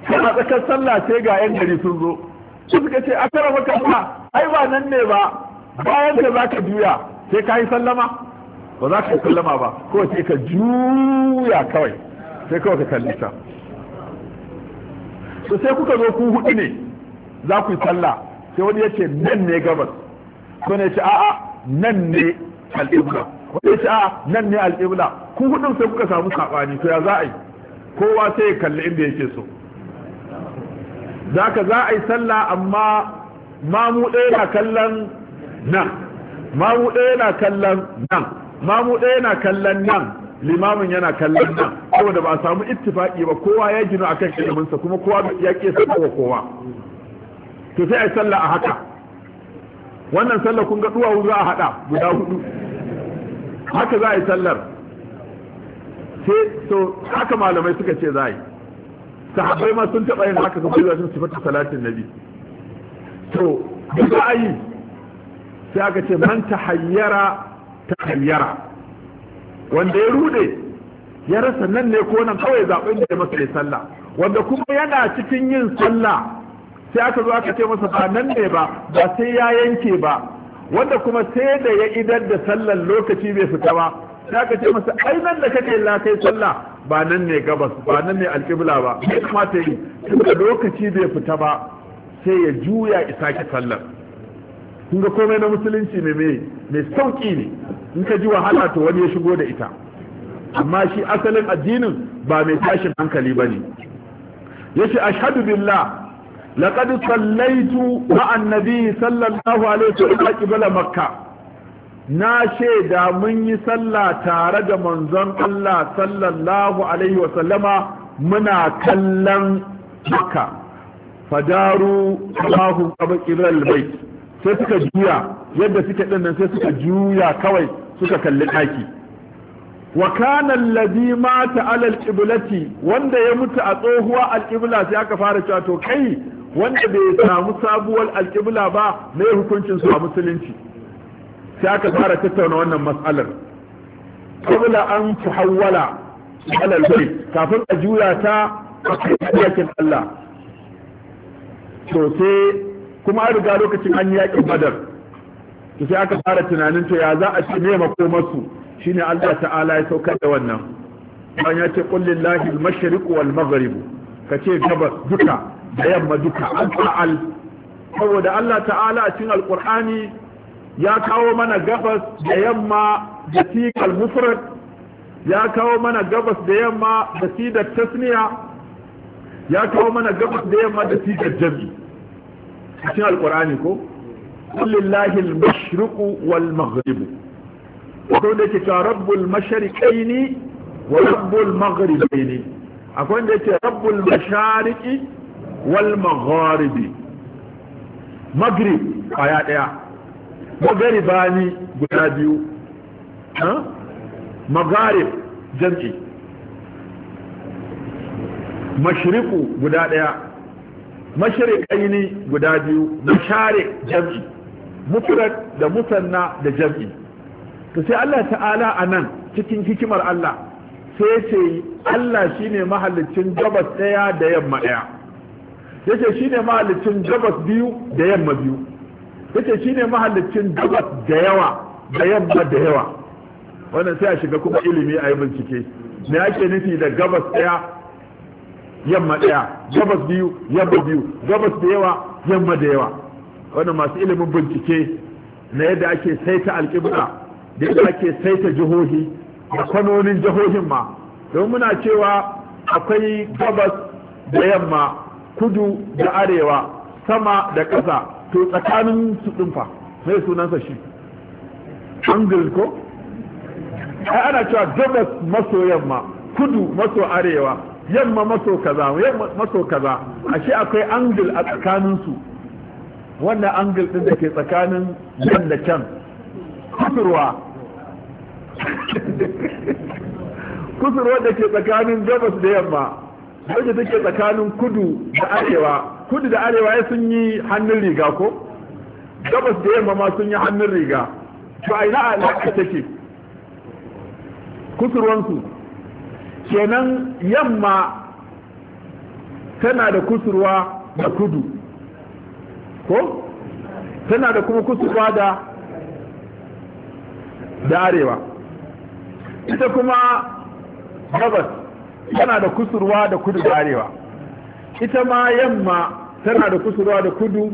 kuma tsakar sallah sai ga yan gari sun zo su suka ce a kara maka ba ai ba nan ne ba bayan ka zaka juya sai ka yi sallama ba za ka yi sallama ba ko sai ka juya kawai sai kawai ka kalli ta to sai kuka zo ku hudu ne za ku yi sallah sai wani yace nan ne gabas to ne ce a'a nan ne al-ibla wani ya ce a'a nan ne al-ibla ku hudu sai kuka samu sabani to ya za a yi kowa sai ya kalli inda yake so zaka za a yi sallah amma mamu ɗaya na kallon nan mamu ɗaya na kallon nan mamu ɗaya na kallon nan limamin yana kallon nan saboda ba a samu ittifaki ba kowa ya gina akan kan kuma kowa ya ke kowa to sai yi sallah a haka wannan sallah kun ga duwawu za a hada guda hudu haka za a yi sallar sai to haka malamai suka ce za a yi sahabbai ma sun taɓa yin haka ga bayyana sun sifata salatin nabi to da za a yi sai aka ce man tahayyara tahayyara wanda ya rude ya rasa nan ne ko nan kawai zaɓen da ya masa ya sallah wanda kuma yana cikin yin sallah sai aka zo aka ce masa ba nan ne ba ba sai ya yanke ba wanda kuma sai da ya idar da sallar lokaci bai fita ba sai aka ce masa ai nan da kake la kai sallah ba nan ne gabas ba nan ne alƙibla ba sai kuma yi tunda lokaci bai fita ba sai ya juya isa ki sallar kun ga komai na musulunci ne mai sauƙi ne in ka ji wahala to wani ya shigo da ita amma shi asalin addinin ba mai tashin hankali ba ne yace ashhadu billah laqad sallaitu ma'an nabi sallallahu alaihi wa sallam, makkah na shaida mun yi sallah tare da manzon Allah sallallahu alaihi sallama muna kallon makka fadaru Allahu qabla al-bait sai suka juya yadda suke dinnan sai suka juya kawai suka kalli ɗaki wa kana alladhi mata ala alqiblati wanda ya mutu a tsohuwa alqibla sai aka fara cewa to kai wanda bai samu sabuwar alqibla ba me hukuncin su a musulunci sai aka fara tattauna wannan mas'alar qabla an tuhawwala ala albayt kafin a juya ta yakin Allah to sai kuma an riga lokacin an yakin badar to sai aka fara tunanin to ya za a ce ne makomarsu shine Allah ta'ala ya saukar da wannan bayan ya ce qul lillahi al-mashriq wal maghrib kace gabas duka da yamma duka an ta'al saboda Allah ta'ala a cikin alqur'ani ya kawo mana gabas da yamma da tikal mufrad ya kawo mana gabas da yamma da sidar tasniya ya kawo mana gabas da yamma da sidar jami a cikin alqur'ani ko kullillahi al mashriƙu wal maghribu akwai da ke ta rabbul mashariqaini wa rabbul maghribaini akwai da ke rabbul mashariqi wal magharibi maghrib aya daya magharibani guda biyu ha magharib guda biyu jam'i mufrad da musanna da jam'i to sai Allah ta'ala anan cikin hikimar Allah sai ce Allah shine mahallicin gabas daya da yamma daya yace shine mahallicin gabas biyu da yamma biyu yace shine mahallicin gabas da yawa da yamma da yawa wannan sai a shiga kuma ilimi a yi bincike me ake nufi da gabas daya, yamma daya, gabas biyu yamma biyu gabas da yawa yamma da yawa wannan masu ilimin bincike na yadda ake saita alƙibla da yadda ake saita jihohi da kwanonin jihohin ma don muna cewa akwai gabas da yamma kudu da arewa sama da ƙasa to tsakanin su ɗinfa mai sunansa shi angle ko ai ana cewa gabas maso yamma kudu maso arewa yamma maso kaza yamma maso kaza ashe akwai angle a tsakanin su wannan angle din da ke tsakanin nan da can kusurwa kusurwa da ke tsakanin gabas da yamma wajen take tsakanin kudu da arewa kudu da arewa ya sun yi hannun riga ko gabas da yamma ma sun yi hannun riga to a ina alaƙa take kusurwansu kenan yamma tana da kusurwa da kudu ko tana da kuma kusurwa da arewa ita kuma gabas tana da kusurwa da kudu da arewa ita ma yamma tana da kusurwa da kudu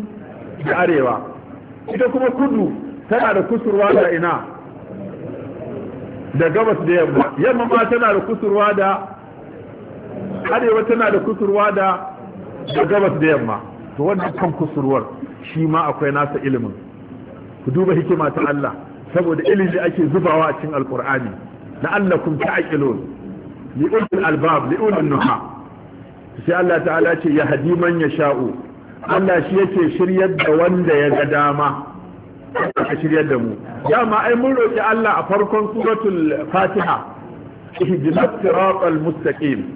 da arewa ita kuma kudu tana da kusurwa da ina da gabas da yamma yamma ma tana da kusurwa da arewa tana da kusurwa da gabas da yamma to wannan kan kusurwar shi ma akwai nasa ilimin ku duba hikima ta Allah saboda ilimi ake zubawa a cikin alqur'ani la'allakum ta'qilun li'ul albab li'ul nuha sai Allah ta'ala ce ya hadi man yasha'u Allah shi yake shiryar da wanda ya ga dama ka shiryar da mu ma ai mun roki Allah a farkon suratul fatiha ihdinas siratal mustaqim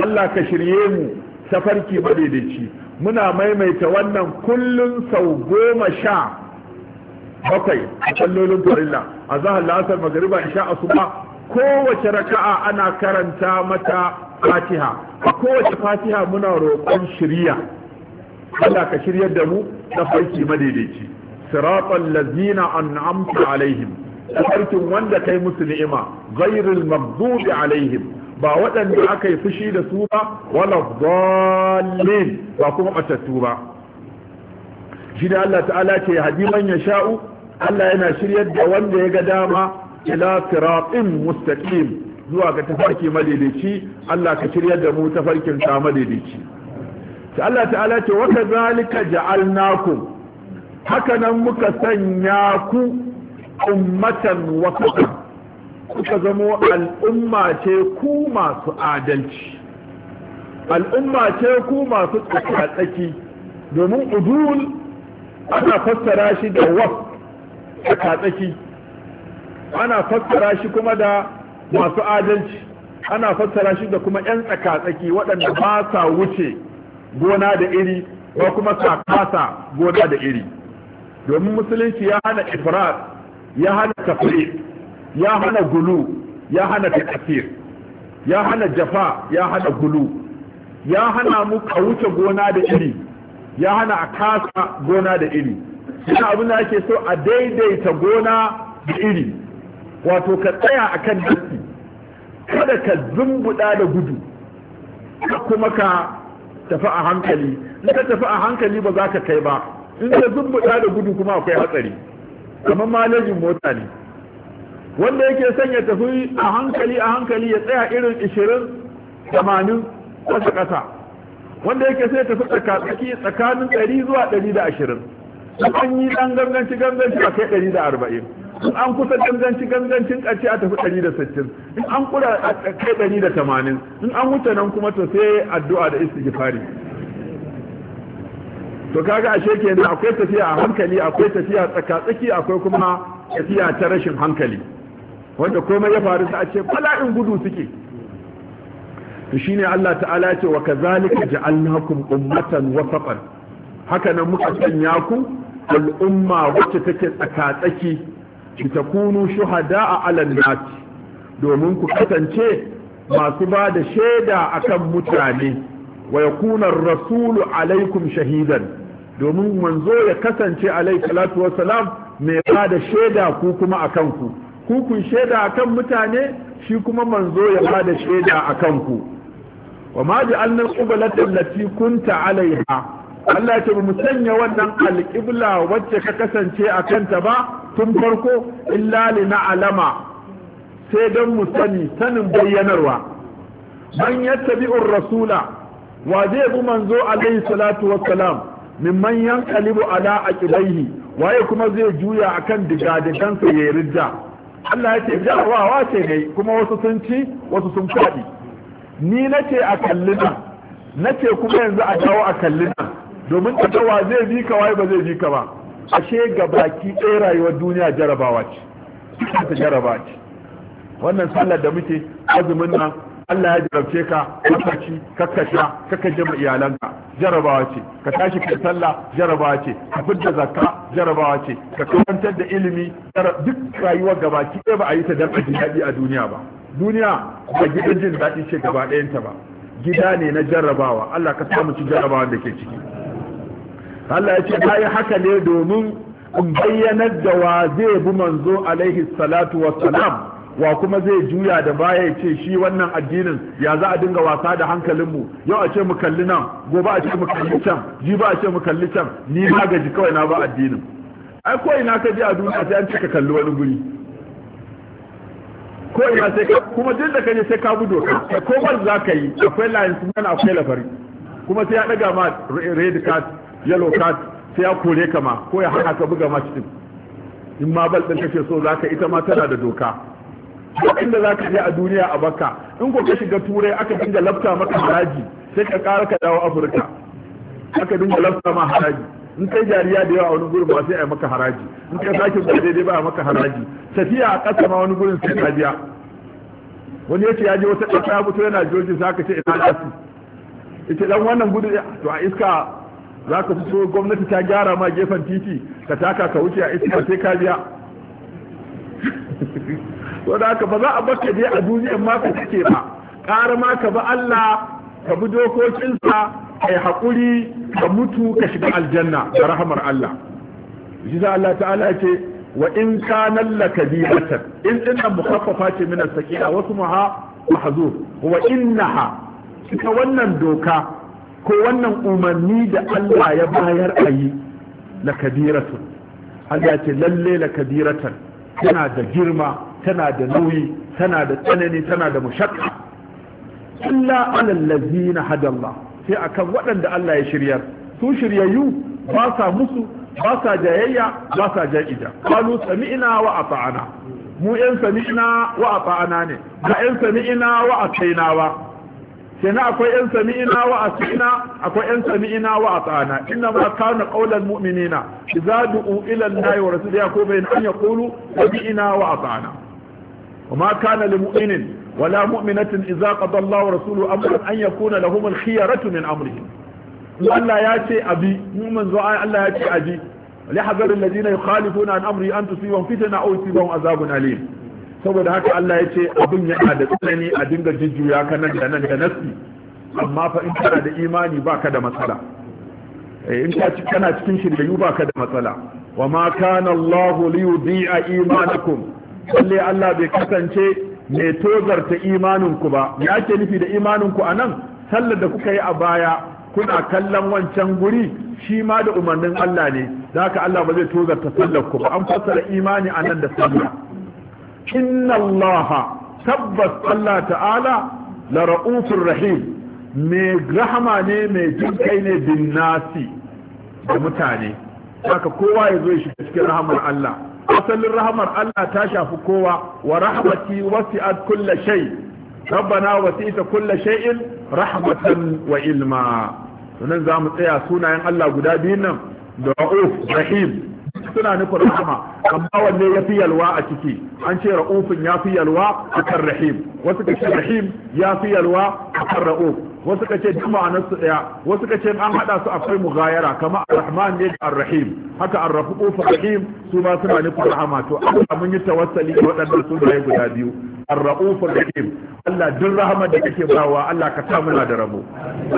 Allah ka shirye mu tafarki madaidaici muna maimaita wannan kullun sau goma sha bakwai a kallolin farilla a zahar la'asar magariba isha asuba kowace raka'a ana karanta mata fatiha a kowace fatiha muna roƙon shirya Allah ka shiryar da mu tafarki madaidaici siratal lazina amsa alaihim tafarkin wanda kai musu ni'ima ghairul maghdubi alaihim ba waɗanda aka yi fushi da su ba wala dhallin ba kuma batattu ba shi da Allah ta'ala ke hadi man sha'u. Allah yana shiryar da wanda ya ga dama ila siratin mustaqim zuwa ga tafarki madaidaici Allah ka shiryar da mu tafarkin ta madaidaici ta Allah ta'ala ce wa kadhalika ja'alnakum haka nan muka sanya ku ummatan wasatan kuka zamo al'umma ce ku masu adalci al'umma ce ku masu tsaki domin udul ana fassara shi da waf tsaki ana fassara shi kuma da masu adalci ana fassara shi da kuma 'yan tsakatsaki waɗanda ba sa wuce gona da iri ko kuma sa kasa gona da iri domin musulunci ya hana ifrat ya hana tafriq ya hana gulu ya hana takafir ya hana jafa ya hana gulu ya hana mu ka wuce gona da iri ya hana a kasa gona da iri ina abin da ake so a daidaita gona da iri wato ka tsaya akan kan dutse kada ka zumbuda da gudu kuma ka tafi a hankali in ka tafi a hankali ba za ka kai ba in ka zumbuda da gudu kuma akwai hatsari kamar manajin mota ne wanda yake son ya tafi a hankali a hankali ya tsaya irin ishirin tamanin wasu ƙasa wanda yake sai tafi tsakatsaki tsakanin ɗari zuwa ɗari da ashirin an yi ɗan ganganci ganganci a kai ɗari da arba'in in an kusa ganganci gangancin ƙarshe a tafi ɗari da sittin in an kura a kai ɗari da tamanin in an wuce nan kuma to sai addu'a da istighfari to kaga ashe kenan akwai tafiya a hankali akwai tafiya tsakatsaki akwai kuma tafiya ta rashin hankali wanda komai ya faru sai a ce bala'in gudu suke to shine Allah ta'ala ce wa kazalika ja'alnakum ummatan wasatan haka nan muka sanya ku al'umma wacce take tsakatsaki ki takunu a alal nas domin ku kasance masu ba da shaida akan mutane wa yakuna rasulu alaikum shahidan domin manzo ya kasance alaihi salatu wassalam mai ba da shaida ku kuma akan ku ku kun shaida akan mutane shi kuma manzo ya ba da shaida akan ku wa ma ja'alna qiblata allati kunta alaiha Allah ce mu sanya wannan alƙibla wacce ka kasance a kanta ba tun farko illa na alama sai don mu sani sanin bayyanarwa man yattabi'ur rasula wa zai bi manzo alaihi salatu wassalam mimman yanqalibu ala aqibaihi waye kuma zai juya akan ya yi rijja Allah ya ce jarabawa ce ne kuma wasu sun ci wasu sun faɗi ni nace a kalli nan nace kuma yanzu a dawo a kalli nan domin wa zai bi ka wai ba zai bi ka ba ashe ga baki ɗaya rayuwar duniya jarabawa ce ta jaraba ce wannan sallar da muke azumin nan Allah ya jarabce ka kakaci kakasha kakaje ma iyalanka jarabawa ce ka tashi kai sallah jarabawa ce ka fidda zakka jarabawa ce ka kwantar da ilimi duk rayuwar gabaki ɗaya ba a yi ta dan aji daɗi a duniya ba duniya ba gidan jin daɗi ce gaba ɗayanta ba gida ne na jarabawa. Allah ka samu ci jarrabawa da ke ciki Allah ya ce ta yi haka ne domin in bayyanar da wa zai bi manzo alaihi salatu wa salam wa kuma zai juya da baya ya ce shi wannan addinin ya za a dinga wasa da hankalinmu yau a ce mu kalli nan gobe a ce mu kalli can ji ba a ce mu kalli can ni na gaji kawai na ba addinin ai ko ina ka je a duniya sai an ce ka kalli wani guri ko ina sai ka kuma duk da kaje sai ka bi doka ko ba za ka yi akwai layin sunan akwai lafari kuma sai ya daga ma red card yellow card sai ya kore ka ma ko ya haka buga match din in ma bal din kace so zaka ita ma tana da doka duk inda za ka je a duniya a baka in ko ka shiga turai aka dinga lafta maka haraji sai ka ƙara ka dawo afirka aka dinga lafta ma haraji in kai jariya da yawa a wani gurin ba sai a yi maka haraji in kai sake ba daidai ba a maka haraji tafiya a ƙasa ma wani gurin sai ka biya wani yace ya je wata ƙasa ya fito yana joji za ka ce ina su, ita dan wannan gudu to a iska za ka fito gwamnati ta gyara ma gefen titi ka taka ka wuce a iska sai ka biya to da haka ba za a ka je a duniyar ma ka cike ba ƙara ma ka bi Allah ka bi dokokinsa ka yi haƙuri ka mutu ka shiga aljanna da rahamar Allah shi za Allah ta'ala ce wa in kana lakabiratan in inna mukhaffafa ce min as a wasu maha mahzuf wa innaha ita wannan doka ko wannan umarni da Allah ya bayar a yi lakabiratun Allah ya ce lalle lakabiratan tana da girma tana da nauyi tana da tsanani tana da mushakka illa alal ladzina hadalla sai akan waɗanda Allah ya shiryar su shiryayyu ba sa musu ba sa jayayya ba sa ja'ija Kalu sami'na wa ata'ana mu yan sami'na wa ata'ana ne ba yan sami'na wa ataina ba sai na akwai yan sami'na wa atina akwai yan sami'na wa ata'ana inna ma kana qawlan mu'minina idza du'u ila allahi wa rasulihi yaqulu an yaqulu sami'na wa ata'ana وما كان لمؤمن ولا مؤمنة إذا قضى الله ورسوله أمرا أن يكون لهم الخيرة من أمرهم الله ياتي أبي مؤمن زعاء الله ياتي أبي لحذر الذين يخالفون عن أمره أن تصيبهم فتنة أو يصيبهم عذاب أليم saboda haka Allah ya ce abin yana da tsanani a dinga jujjuya ka nan da nan da nasi amma fa in kana da imani baka da matsala in ka kana cikin shiryayyu baka da matsala wa ma kana Allah lalle Allah bai kasance mai tozarta imaninku ba ya ke nufi da imaninku a nan sallar da kuka yi a baya kuna kallon wancan guri shi ma da umarnin Allah ne za ka Allah ba zai tozarta sallar ku ba an fassara imani a nan da sallah inna Allah tabbas Allah ta'ala la ra'ufur rahim mai rahama ne mai jin kai ne bin nasi da mutane haka kowa ya zo shi cikin rahamar Allah asalin rahamar Allah ta shafi kowa wa rahmati wasi'at kulla shay rabbana wasi'ta kulla shay'in rahmatan wa ilma nan za mu tsaya sunayen Allah guda biyun nan da rahim suna nufin rahama amma wanne ya fi yalwa a ciki an ce ra'ufin ya fi yalwa a kan rahim wasu ka ce rahim ya fi yalwa a kan ra'uf wasu ka ce duk ma'anarsu ɗaya wasu ka ce an haɗa su akwai mugayara kama a rahman ne da ar-rahim haka ar-rafu rahim su ma suna nufin rahama to Allah mun yi tawassali da waɗannan sunaye guda biyu ar-ra'ufur Allah da kake bawa Allah ka sa rabo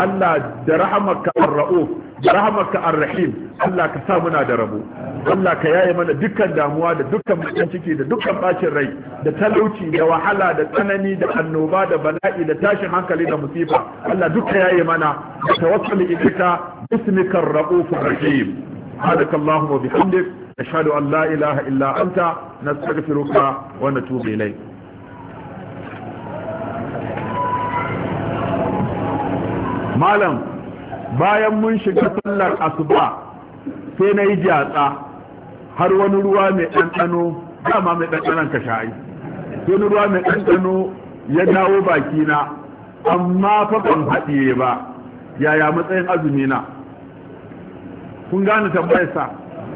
Allah da rahamaka ar-ra'uf rahamaka ar-rahim Allah da rabo Allah yaye mana dukkan damuwa da dukkan bakin ciki da dukkan bacin rai da talauci da wahala da tsanani da annoba da bala'i da tashin hankali da musifa Allah dukka yaye mana da tawakkali ilaika bismika ar-ra'ufur rahim سبحانك اللهم وبحمدك نشهد أن لا إله إلا أنت نستغفرك ونتوب إليك malam bayan mun shiga sallar asuba sai na yi jatsa har wani ruwa mai ɗanɗano dama mai ɗanɗanon ka sha'ai wani ruwa mai ɗanɗano ya dawo bakina amma fa ban haɗiye ba yaya matsayin azumi na kun gane tambayar sa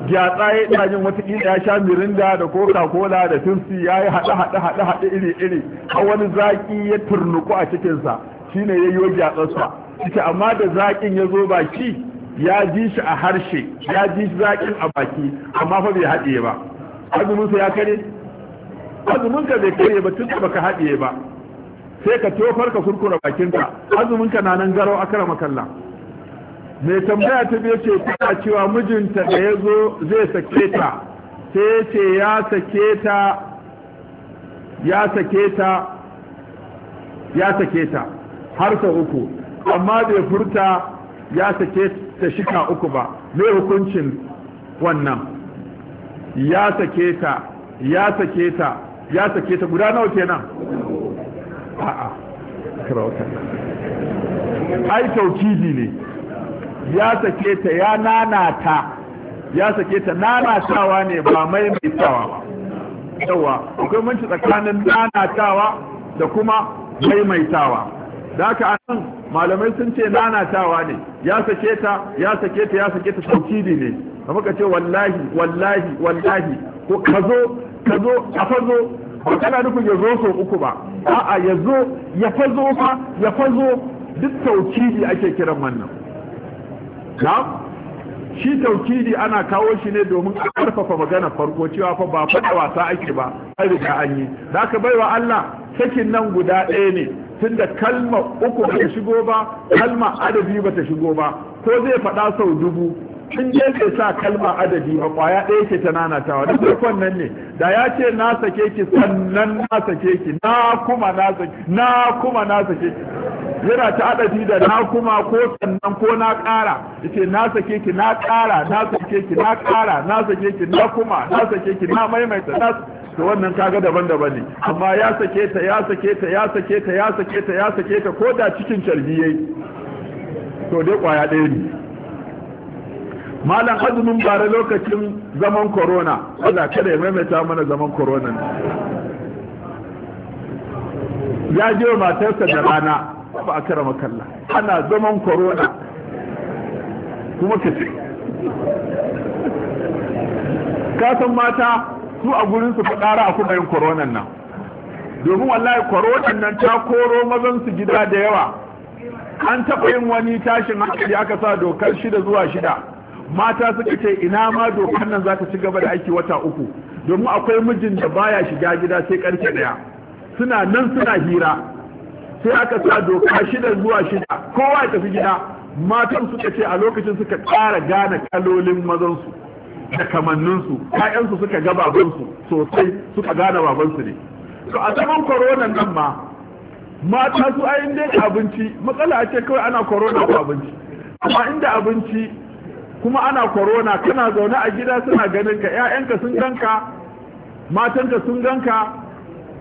gyatsa ya ina jin ƙila ya sha mirinda da coca cola da tinsi ya yi haɗe haɗe haɗe haɗe iri iri a wani zaƙi ya turnuku a cikinsa shine ya yi wa gyatsarsa ita amma da zaƙin ya zo baki ya ji shi a harshe ya ji shi zaƙin a baki amma fa bai haɗiye ba azuminsa ya kare azuminka bai kare ba tun da baka haɗiye ba sai ka tofar ka kurkura bakinka azuminka na nan garau a kara makalla mai tambaya ta biyu ce tana cewa mijinta da ya zo zai sake ta sai ce ya sake ta ya sake ta ya sake ta har sau uku amma bai furta ya sake ta shika uku ba me hukuncin wannan ya sake ta ya sake ta ya sake ta guda nawa kenan a'a karauta ai taukidi ne ya sake ta ya nanata ya sake ta nanatawa ne ba mai mai tawa ba yawa akwai manci tsakanin nanatawa da kuma maimaitawa da haka anan malamai sun ce nanatawa ne ya sake ta ya sake ta ya sake ta taukidi ne da muka ce wallahi wallahi wallahi ko kazo kazo a fazo ba kana nufin ya zo so uku ba a'a ya zo ya fazo fa ya fazo duk taukidi ake kiran wannan na'am shi taukidi ana kawo shi ne domin a karfafa magana farko cewa fa ba fada wasa ake ba sai da an yi da ka baiwa Allah sakin nan guda ɗaya ne tunda kalma uku ba shigo ba kalma adadi ba ta shigo ba ko zai faɗa sau dubu in dai ke sa kalma adadi ba kwaya ɗaya ke ta nanatawa da farkon nan ne da ya ce na sake ki sannan na sake ki na kuma na sake na kuma na sake ki yana ta adadi da na kuma ko sannan ko na ƙara yace na sake ki na ƙara na sake ki na ƙara na sake ki na kuma na sake ki na maimaita na to wannan kaga daban-daban ne amma ya sake ta ya sake ta ya sake ta ya sake ta ya sake ta ko da cikin carbi yayi to dai kwaya ɗaya ne malam azumin bare lokacin zaman corona Allah kada ya maimaita mana zaman corona ya je matarsa da rana ba a kira makalla ana zaman corona kuma ka ce kasan mata su a gurinsu fa ƙara a kuma yin koronan nan domin wallahi koronan nan ta koro mazan su gida da yawa an taɓa yin wani tashin hankali aka sa dokar shida zuwa shida mata suka ce ina ma dokar nan za ta ci gaba da aiki wata uku domin akwai mijin da baya shiga gida sai karfe daya suna nan suna hira sai aka sa doka shida zuwa shida kowa ya tafi gida matan suka ce a lokacin suka ƙara gane kalolin mazansu da kamanninsu ƴaƴansu suka ga babansu sosai suka gane babansu ne to a zaman korona nan ma mata su ayin dai abinci matsala ce kawai ana korona ko abinci amma inda abinci kuma ana korona kana zaune a gida suna ganin ka ƴaƴanka sun ganka matanka sun ganka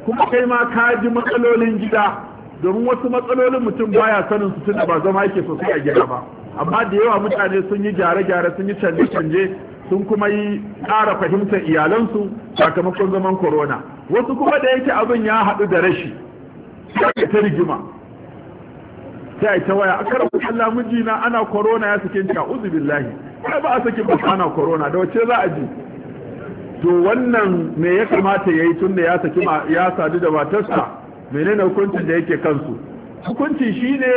kuma kai ma ka ji matsalolin gida domin wasu matsalolin mutum baya sanin su tunda ba zama yake sosai a gida ba amma da yawa mutane sun yi gyare-gyare sun yi canje-canje sun kuma yi ƙara fahimtar iyalansu sakamakon zaman corona wasu kuma da yake abin ya haɗu da rashi sai ta rigima sai ta waya a ku Allah mijina ana corona ya sakin ka uzu billahi kai ba a sakin ba ana corona da wace za a ji to wannan me ya kamata yayi tunda ya saki ya sadu da matarsa menene hukuncin da yake kansu hukunci shine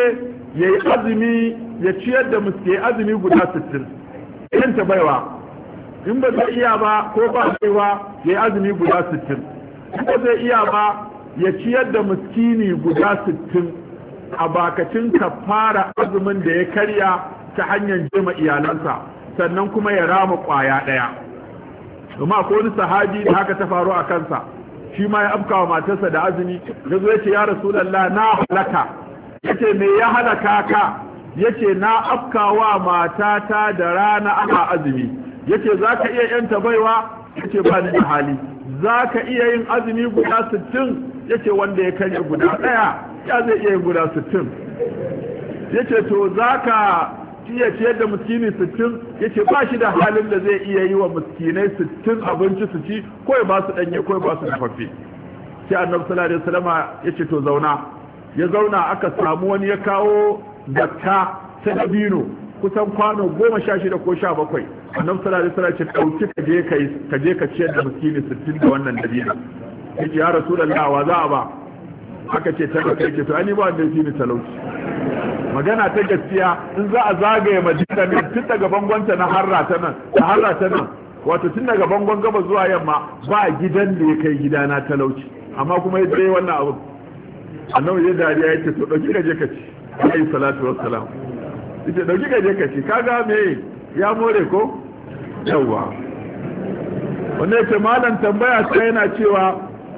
ya yi azumi ya ciyar da muske azumi guda sittin idan ta baiwa in ba zai iya ba ko ba baiwa ya yi azumi guda sittin in ba zai iya ba ya ciyar da muskini guda sittin a bakacin fara azumin da ya karya ta hanyar jema iyalansa sannan kuma ya rama kwaya ɗaya. amma akwai wani sahabi da haka ta faru a kansa shi ma ya afka wa matarsa da azumi ya zo yace ya rasulullah na halaka yace me ya halaka ka yace na afka wa matata da rana ana azumi yace zaka iya yanta baiwa yace ba ni da hali zaka iya yin azumi guda 60 yace wanda ya karya guda daya ya zai iya yin guda 60 yace to zaka shi ya ciyar da miskini sittin ya ce ba shi da halin da zai iya yi wa miskinai sittin abinci su ci ko ba su ɗanye ko ba su dafaffe sai annabi sallallahu alaihi wasallam ya ce to zauna ya zauna aka samu wani ya kawo zakka ta dabino kusan kwano goma sha shida ko sha bakwai annabi sallallahu alaihi wasallam ce ɗauki ka je ka ka je ka ciyar da miskini sittin da wannan dabino ya ce ya rasulullahi wa za a ba aka ce talaka kai ce to ani ba wanda ya fi ni talauci magana ta gaskiya in za a zagaye madina ne tun daga bangonta na harra ta nan ta harra ta nan wato tun daga bangon gaba zuwa yamma ba gidan da ya kai gidana talauci amma kuma ya dai wannan abu annabi ya dariya yake to dauki gaje ka ci alayhi salatu wassalam ita dauki gaje ka ci kaga me ya more ko yawa wannan ce malam tambaya ta yana cewa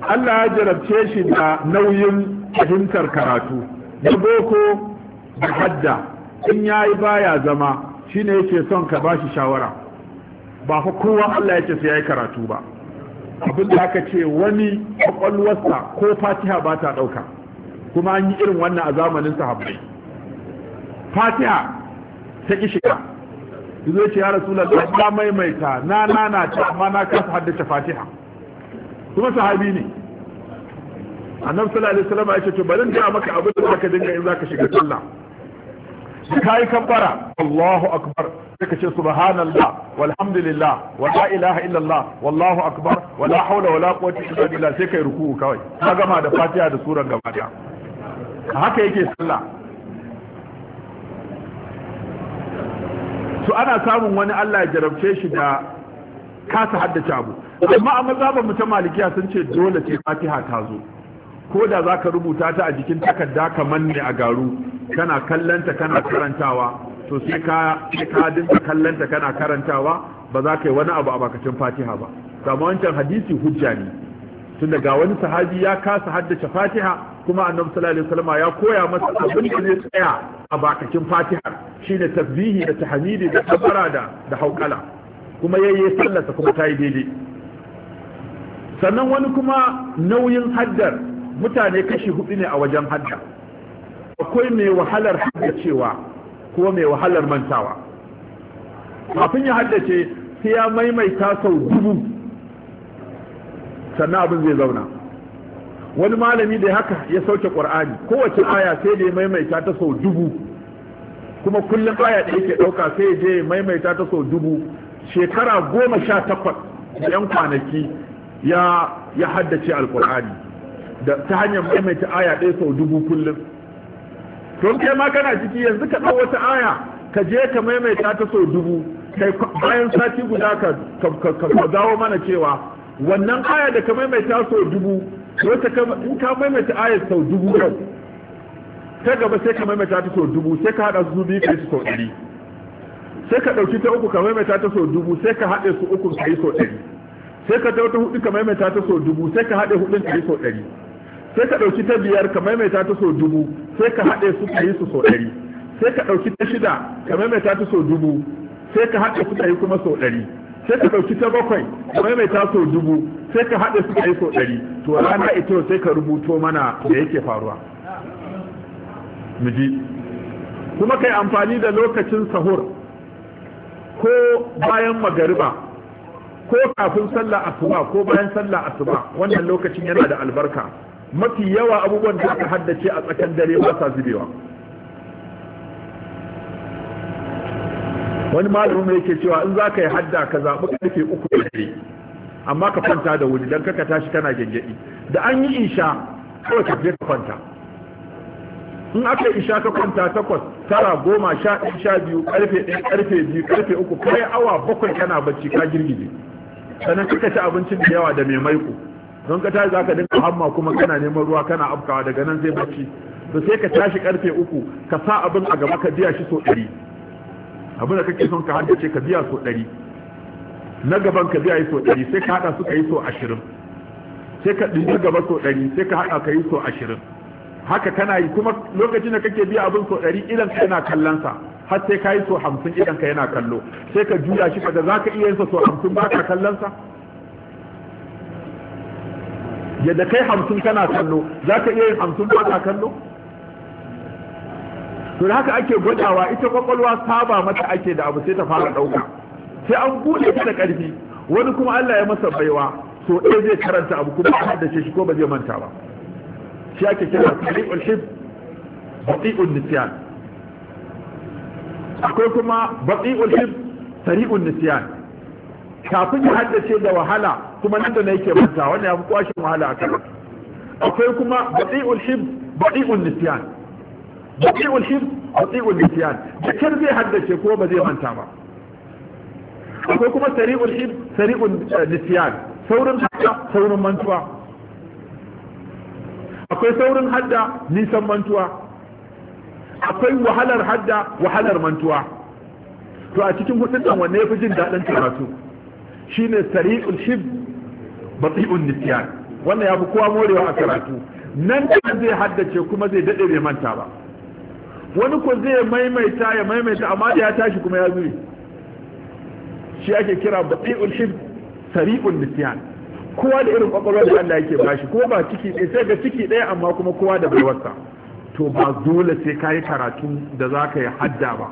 Allah ya jarabce shi da nauyin fahimtar karatu da boko hadda in yi baya zama shi ne yake son ka bashi shawara ba fa kowa Allah yake sai ya yi karatu ba abin da aka ce wani kwakwalwarsa ko fatiha ba ta ɗauka kuma an yi irin wannan a zamanin sahabbai fatiha ta ki shiga zo ce ya rasu lalata maimaita na nana ta amma na kasa haddace fatiha kuma sahabi ne annabi sallallahu alaihi wasallam ya ce to bari in ga maka abin da zaka dinga in zaka shiga sallah ka yi kabbara Allahu akbar sai ka ce subhanallah walhamdulillah wa la ilaha illallah wallahu akbar wa la hawla wa la quwwata illa billah sai kai ruku kawai ka gama da Fatiha da suran gaba daya haka yake sallah to ana samun wani Allah ya jarabce shi da kasa haddace abu amma a mazhabar mutum ta malikiya sun ce dole ce Fatiha ta zo ko da za ka rubuta ta a jikin takarda kamar ne a garu kana kallanta kana karantawa to sai ka ka dinka kallanta kana karantawa ba za ka yi wani abu a bakacin fatiha ba kama wancan hadisi hujja ne tun daga wani sahabi ya kasa haddace fatiha kuma annabi sallallahu alaihi wasallam ya koya masa abin da zai tsaya a bakacin fatiha shine tasbihi da tahmidi da tabara da da haukala kuma yayye sallarsa kuma tayi daidai sannan wani kuma nauyin haddar mutane kashi hudu ne a wajen hadda akwai mai wahalar haddacewa ko mai wahalar mantawa kafin ya haddace sai ya maimaita sau dubu sannan abin zai zauna wani malami da haka ya sauke ƙwar'ani kowace aya sai da ya maimaita ta sau dubu kuma kullum aya da yake ɗauka sai je ya maimaita ta sau dubu shekara goma sha takwas da 'yan kwanaki ya haddace alƙur'ani da ta hanyar maimaita aya ɗaya sau dubu kullum don kai ma kana ciki yanzu ka ɗau wata aya ka je ka maimaita ta sau dubu kai bayan sati guda ka dawo mana cewa wannan aya da ka maimaita sau dubu ka in ka maimaita aya sau dubu kan ta gaba sai ka maimaita ta sau dubu sai ka haɗa su biyu ka yi su sau ɗari sai ka ɗauki ta uku ka maimaita ta sau dubu sai ka haɗe su uku ka yi sau ɗari sai ka ta hudu ka maimaita ta sau dubu sai ka haɗe hudun ka yi sau ɗari sai ka ɗauki ta biyar ka maimaita ta so dubu sai ka haɗe su ka yi su so ɗari sai ka ɗauki ta shida ka maimaita ta so dubu sai ka haɗe su ka yi kuma so ɗari sai ka ɗauki ta bakwai ka maimaita so dubu sai ka haɗe su ka yi so ɗari to rana ita sai ka rubuto mana da yake faruwa miji kuma kai amfani da lokacin sahur ko bayan magariba ko kafin sallah asuba ko bayan sallah asuba wannan lokacin yana da albarka mafi yawa abubuwan da aka haddace a tsakan dare ba sa zubewa wani malamin yake cewa in za ka yi hadda ka zaɓi ƙarfe uku da dare amma ka kwanta da wuri don kaka tashi kana gyangyaɗi da an yi isha kawai ka je ka kwanta in aka yi isha ka kwanta takwas tara goma sha ɗaya sha biyu karfe ɗaya karfe biyu karfe uku kai awa bakwai kana bacci ka girgije sannan kaka ci abincin da yawa da mai maiko don ka tashi zaka dinga hamma kuma kana neman ruwa kana afkawa daga nan sai bacci to sai ka tashi karfe uku ka sa abin a gaba ka biya shi so ɗari abin da kake son ka ce ka biya so ɗari na gaban ka biya yi so ɗari sai ka haɗa su ka yi so ashirin sai ka ɗin gaba so ɗari sai ka haɗa ka yi so ashirin haka kana yi kuma lokacin da kake biya abin so ɗari idan ka yana kallon sa har sai ka yi so hamsin idan ka yana kallo sai ka juya shi kaga za ka iya yin sa so hamsin ba ka kallon sa yadda kai hamsin kana kallo za ka iya yin hamsin ba ka kallo to haka ake gwadawa ita kwakwalwa saba mata ake da abu sai ta fara ɗauka sai an buɗe ta da ƙarfi wani kuma Allah ya masa baiwa to ɗaya zai karanta abu kuma a haddace shi ko ba zai manta ba shi ake kira sari'ul hib baqi'un nisyan akwai kuma baqi'ul hib sari'un nisyan kafin ya haddace da wahala kuma nan da na yake manta wannan ya fi kwashin wahala a kan akwai kuma badi'ul hib badi'ul nisyan badi'ul hib badi'ul nisyan Jikin zai haddace ko ba zai manta ba akwai kuma sari'ul hib sari'ul eh, nisyan saurin hadda saurin mantuwa akwai saurin hadda nisan mantuwa akwai wahalar hadda wahalar mantuwa to a cikin hudun wanne ya fi jin daɗin karatu shine sari'ul shib bati'un nisyan wannan ya fi kowa morewa a karatu nan da zai haddace kuma zai daɗe bai manta ba wani ko zai maimaita ya maimaita amma da ya tashi kuma ya zuri shi ake kira bati'ul shib sari'ul nisyan kowa da irin kwakwalwa da Allah yake bashi ko ba ciki ɗaya sai ga ciki ɗaya amma kuma kowa da baiwarsa to ba dole sai ka yi karatu da za ka yi hadda ba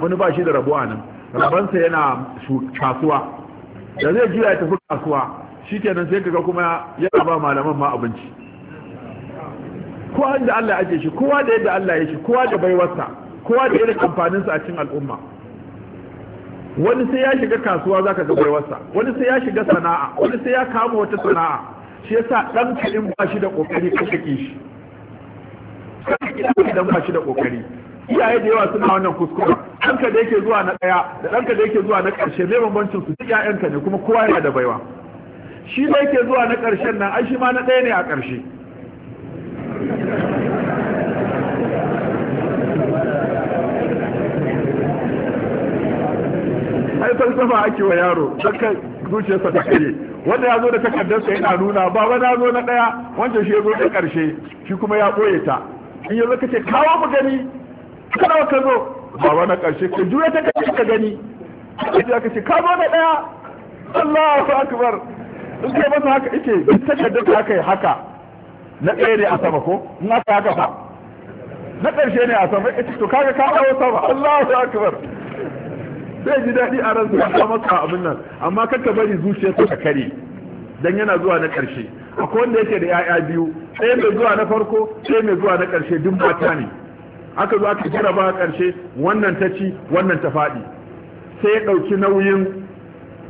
wani ba shi da rabuwa nan rabansa yana kasuwa da zai jira ya tafi kasuwa shi kenan sai kaga kuma yana ba malaman ma abinci kowa da Allah ajiye shi kowa da yadda Allah ya shi kowa da baiwarsa kowa da irin amfaninsa a cikin al'umma wani sai ya shiga kasuwa zaka ga baiwarsa wani sai ya shiga sana'a wani sai ya kama wata sana'a shi yasa dan kadin ba shi da kokari ka shi dan ba shi da kokari iyaye da yawa suna wannan kuskure ɗanka da yake zuwa na ɗaya da ɗanka da yake zuwa na ƙarshe ne bambancin su duk ƴaƴanka ne kuma kowa yana da baiwa shi da yake zuwa na ƙarshen nan ai shi ma na ɗaya ne a ƙarshe ai falsafa ake wa yaro dukkan zuciyarsa ta kare wanda ya zo da sa yana nuna baba na zo na ɗaya wancan shi ya zo da ƙarshe shi kuma ya ɓoye ta in yanzu ka ce kawo mu gani kada ka zo baba na ƙarshe. ka juya ta kashe ka gani sai aka ce ka zo da Allah Allahu akbar in kai masa haka ike duk takardar da aka yi haka na ɗaya ne a sama ko in aka haka fa na ƙarshe ne a sama ita to kaga ka dawo sama Allahu akbar sai ji daɗi a ransa ka masa abin nan amma kar ka bari zuciya ta kare dan yana zuwa na ƙarshe akwai wanda yake da 'ya'ya biyu ɗaya mai zuwa na farko ɗaya mai zuwa na ƙarshe duk mata ne aka zo aka jaraba a ƙarshe wannan ta ci wannan ta faɗi sai ya ɗauki nauyin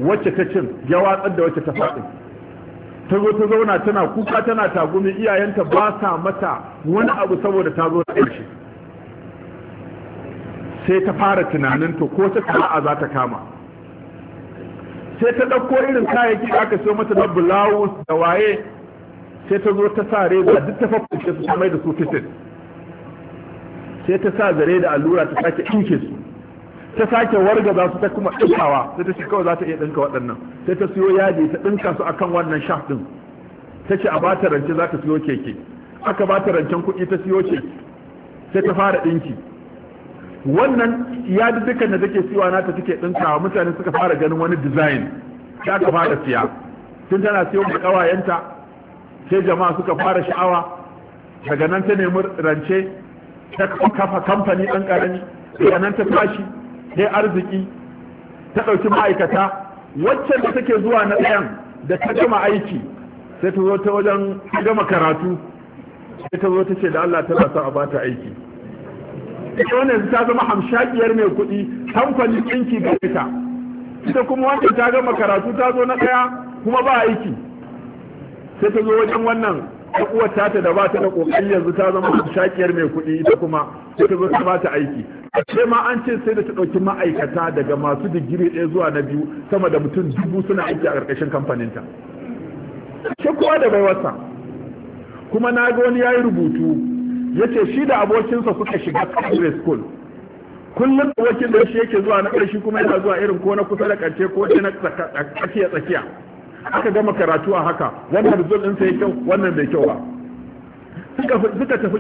wacce ta cin ya watsar da wacce ta faɗi ta zo ta zauna tana kuka tana tagumi iyayenta ba sa mata wani abu saboda ta zo da ƙarshe sai ta fara tunanin to ko ta sa'a za ta kama sai ta ɗauko irin kayayyaki da aka siyo mata na bulawus da waye sai ta zo ta sa reza duk ta fafuce su mai da su fitin sai ta sa zare da allura ta sake ɗinke su ta sake warga za su ta kuma ɗinkawa sai ta ce kawai za ta iya ɗinka waɗannan sai ta siyo yadi ta ɗinka su akan wannan shaf ɗin ta ce a bata rance za ta siyo keke aka bata rancen kuɗi ta siyo keke sai ta fara ɗinki wannan yadi dukkan da take siyowa ta take ɗinkawa mutane suka fara ganin wani design ta ka fara siya tun tana siyo da ƙawayenta sai jama'a suka fara sha'awa daga nan ta nemi rance ta kafa kamfani ɗan ƙarami da nan ta tashi ta arziki ta ɗauki ma'aikata waccan da take zuwa na ɗayan da ta gama aiki sai ta zo ta wajen gama karatu sai ta zo ta ce da Allah tana sa a bata aiki ita wannan ta zama hamshakiyar mai kuɗi kamfani ɗinki ga ita ita kuma wannan ta gama karatu ta zo na ɗaya kuma ba aiki sai ta zo wajen wannan ɗan uwar ta da ba ta da kokari yanzu ta zama shakiyar mai kuɗi ita kuma sai ta zo ta bata aiki a ma an ce sai da ta ɗauki ma'aikata daga masu digiri ɗaya zuwa na biyu sama da mutum dubu suna aiki a ƙarƙashin kamfaninta shi kuwa da bai wasa, kuma na ga wani ya yi rubutu yace shi da abokinsa suka shiga secondary school kullum abokin da shi yake zuwa na ƙarshe kuma yana zuwa irin ko na kusa da ƙarshe ko na tsakiya tsakiya aka gama karatu a haka wannan result ɗinsa ya kyau wannan bai kyau ba suka tafi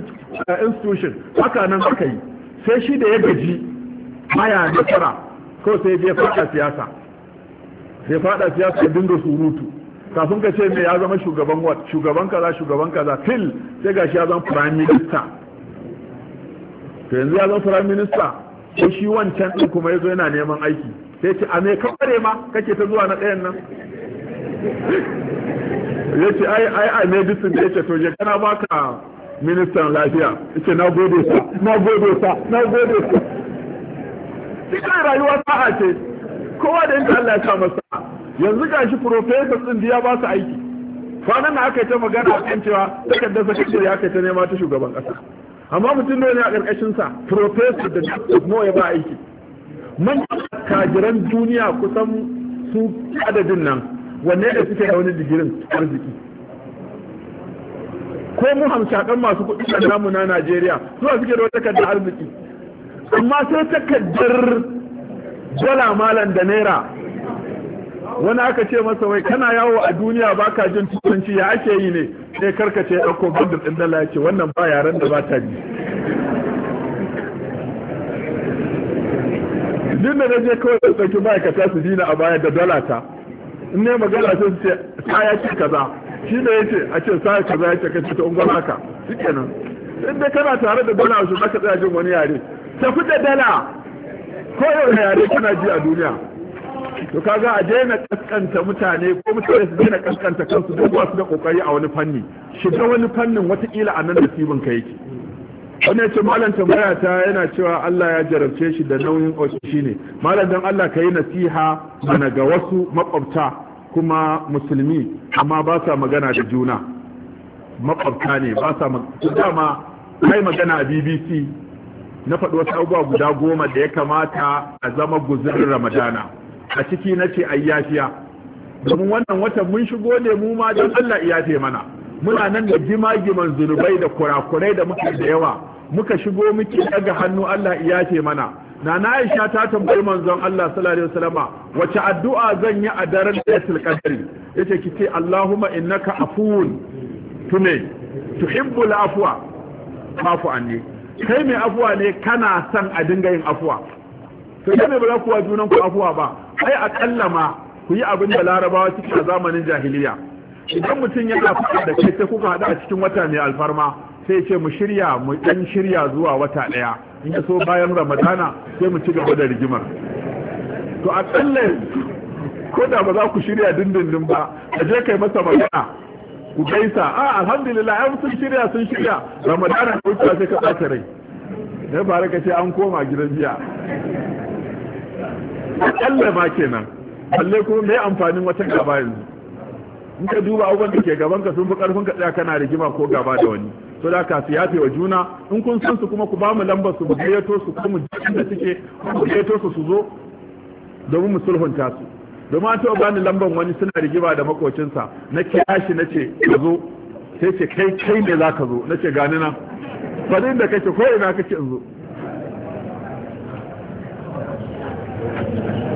eh, institution haka nan aka yi sai shi da ya gaji baya nasara ko sai ya faɗa siyasa sai faɗa siyasa ya dinga surutu kafin ka ce me ya zama shugaban wat shugaban kaza shugaban kaza fil sai gashi ya zama prime minister to yanzu ya zama prime minister sai shi wancan ɗin kuma zo yana neman aiki sai ce a me ka ma kake ta zuwa na ɗayan nan ya ce ai ai a medicine da ya ce to kana baka ministan lafiya ya ce na gode sa na gode sa na gode sa cikin rayuwa sa'a ce kowa da inda Allah ya sa masa yanzu gashi professor din da ya ba su aiki kwanan na aka yi ta magana a kan cewa takardar sakandare ya kai ta nema ta shugaban kasa amma mutum ne a karkashin sa professor da doctor mo ya ba aiki manyan kajiran duniya kusan su adadin nan wanne da suke da wani digirin arziki ko mu hamshakan masu kuɗi da namu na Najeriya zuwa suke da wata takardar arziki amma sai takardar dala malam da naira wani aka ce masa wai kana yawo a duniya baka jin turanci ya ake yi ne sai karkace ya ɗauko bandar ɗin dala ya wannan ba yaren da ba ta bi duk da na je kawai da tsaki ma'aikata su dina a baya da dala ta in ne magana sai su ce kaya ce kaza shi ne yace a ce ya kaza yace kace ta ungwar haka shikenan in dai kana tare da dala su zaka tsaya jin wani yare tafi da dala ko yau yare kana ji a duniya to kaga a daina kaskanta mutane ko mutane su daina kaskanta kansu duk wasu da kokari a wani fanni shiga wani fannin watakila a nan da sibin ka yake wani ya ce malam tambaya ta yana cewa Allah ya jarabce shi da nauyin shi ne malam dan Allah ka yi nasiha mana ga wasu makwabta kuma musulmi amma ba sa magana da juna makwabta ne ba sa dama kai magana a BBC na faɗi wasu abubuwa guda goma da ya kamata a zama guzurin Ramadana a ciki na ce ayyafiya domin wannan watan mun shigo ne mu ma don Allah iyafe mana muna nan da giman zunubai da kurakurai da muke da yawa muka shigo muke daga hannu Allah ya ce mana na na Aisha ta tambayi manzon Allah sallallahu alaihi wasallama wace addu'a zan yi a daren Lailatul qadr yace ki ce Allahumma innaka afuwun tune tuhibbul afwa mafu anni kai mai afuwa ne kana san a dinga yin afuwa to kai mai ba kuwa junan ku afuwa ba ai akalla ma ku yi abin da larabawa a zamanin jahiliya idan mutum yana faɗa da kai sai kuka haɗu a cikin wata mai alfarma sai ce mu shirya mu dan shirya zuwa wata daya in ya so bayan ramadana sai mu ci gaba da rigimar to a kalle ko da ba za ku shirya dindindin ba a je kai masa magana ku gaisa a alhamdulillah ai sun shirya sun shirya ramadana ko ta sai ka tsaka rai dan bare ka ce an koma gidan jiya a kalle ma kenan balle kuma mai amfanin wata gaba yanzu in ka duba abubuwan da ke gaban ka sun fi karfin ka tsaya kana rigima ko gaba da wani to da ka fi wa juna in kun san su kuma ku ba mu lambar su mu gayyato su ko mu da suke ku gayyato su su zo domin mu sulhunta su domin an taɓa bani lambar wani suna rigima da makocinsa na kira shi na ce ka zo sai ce kai kai ne za ka zo na ce gani na fadin da kake ko ina kake in zo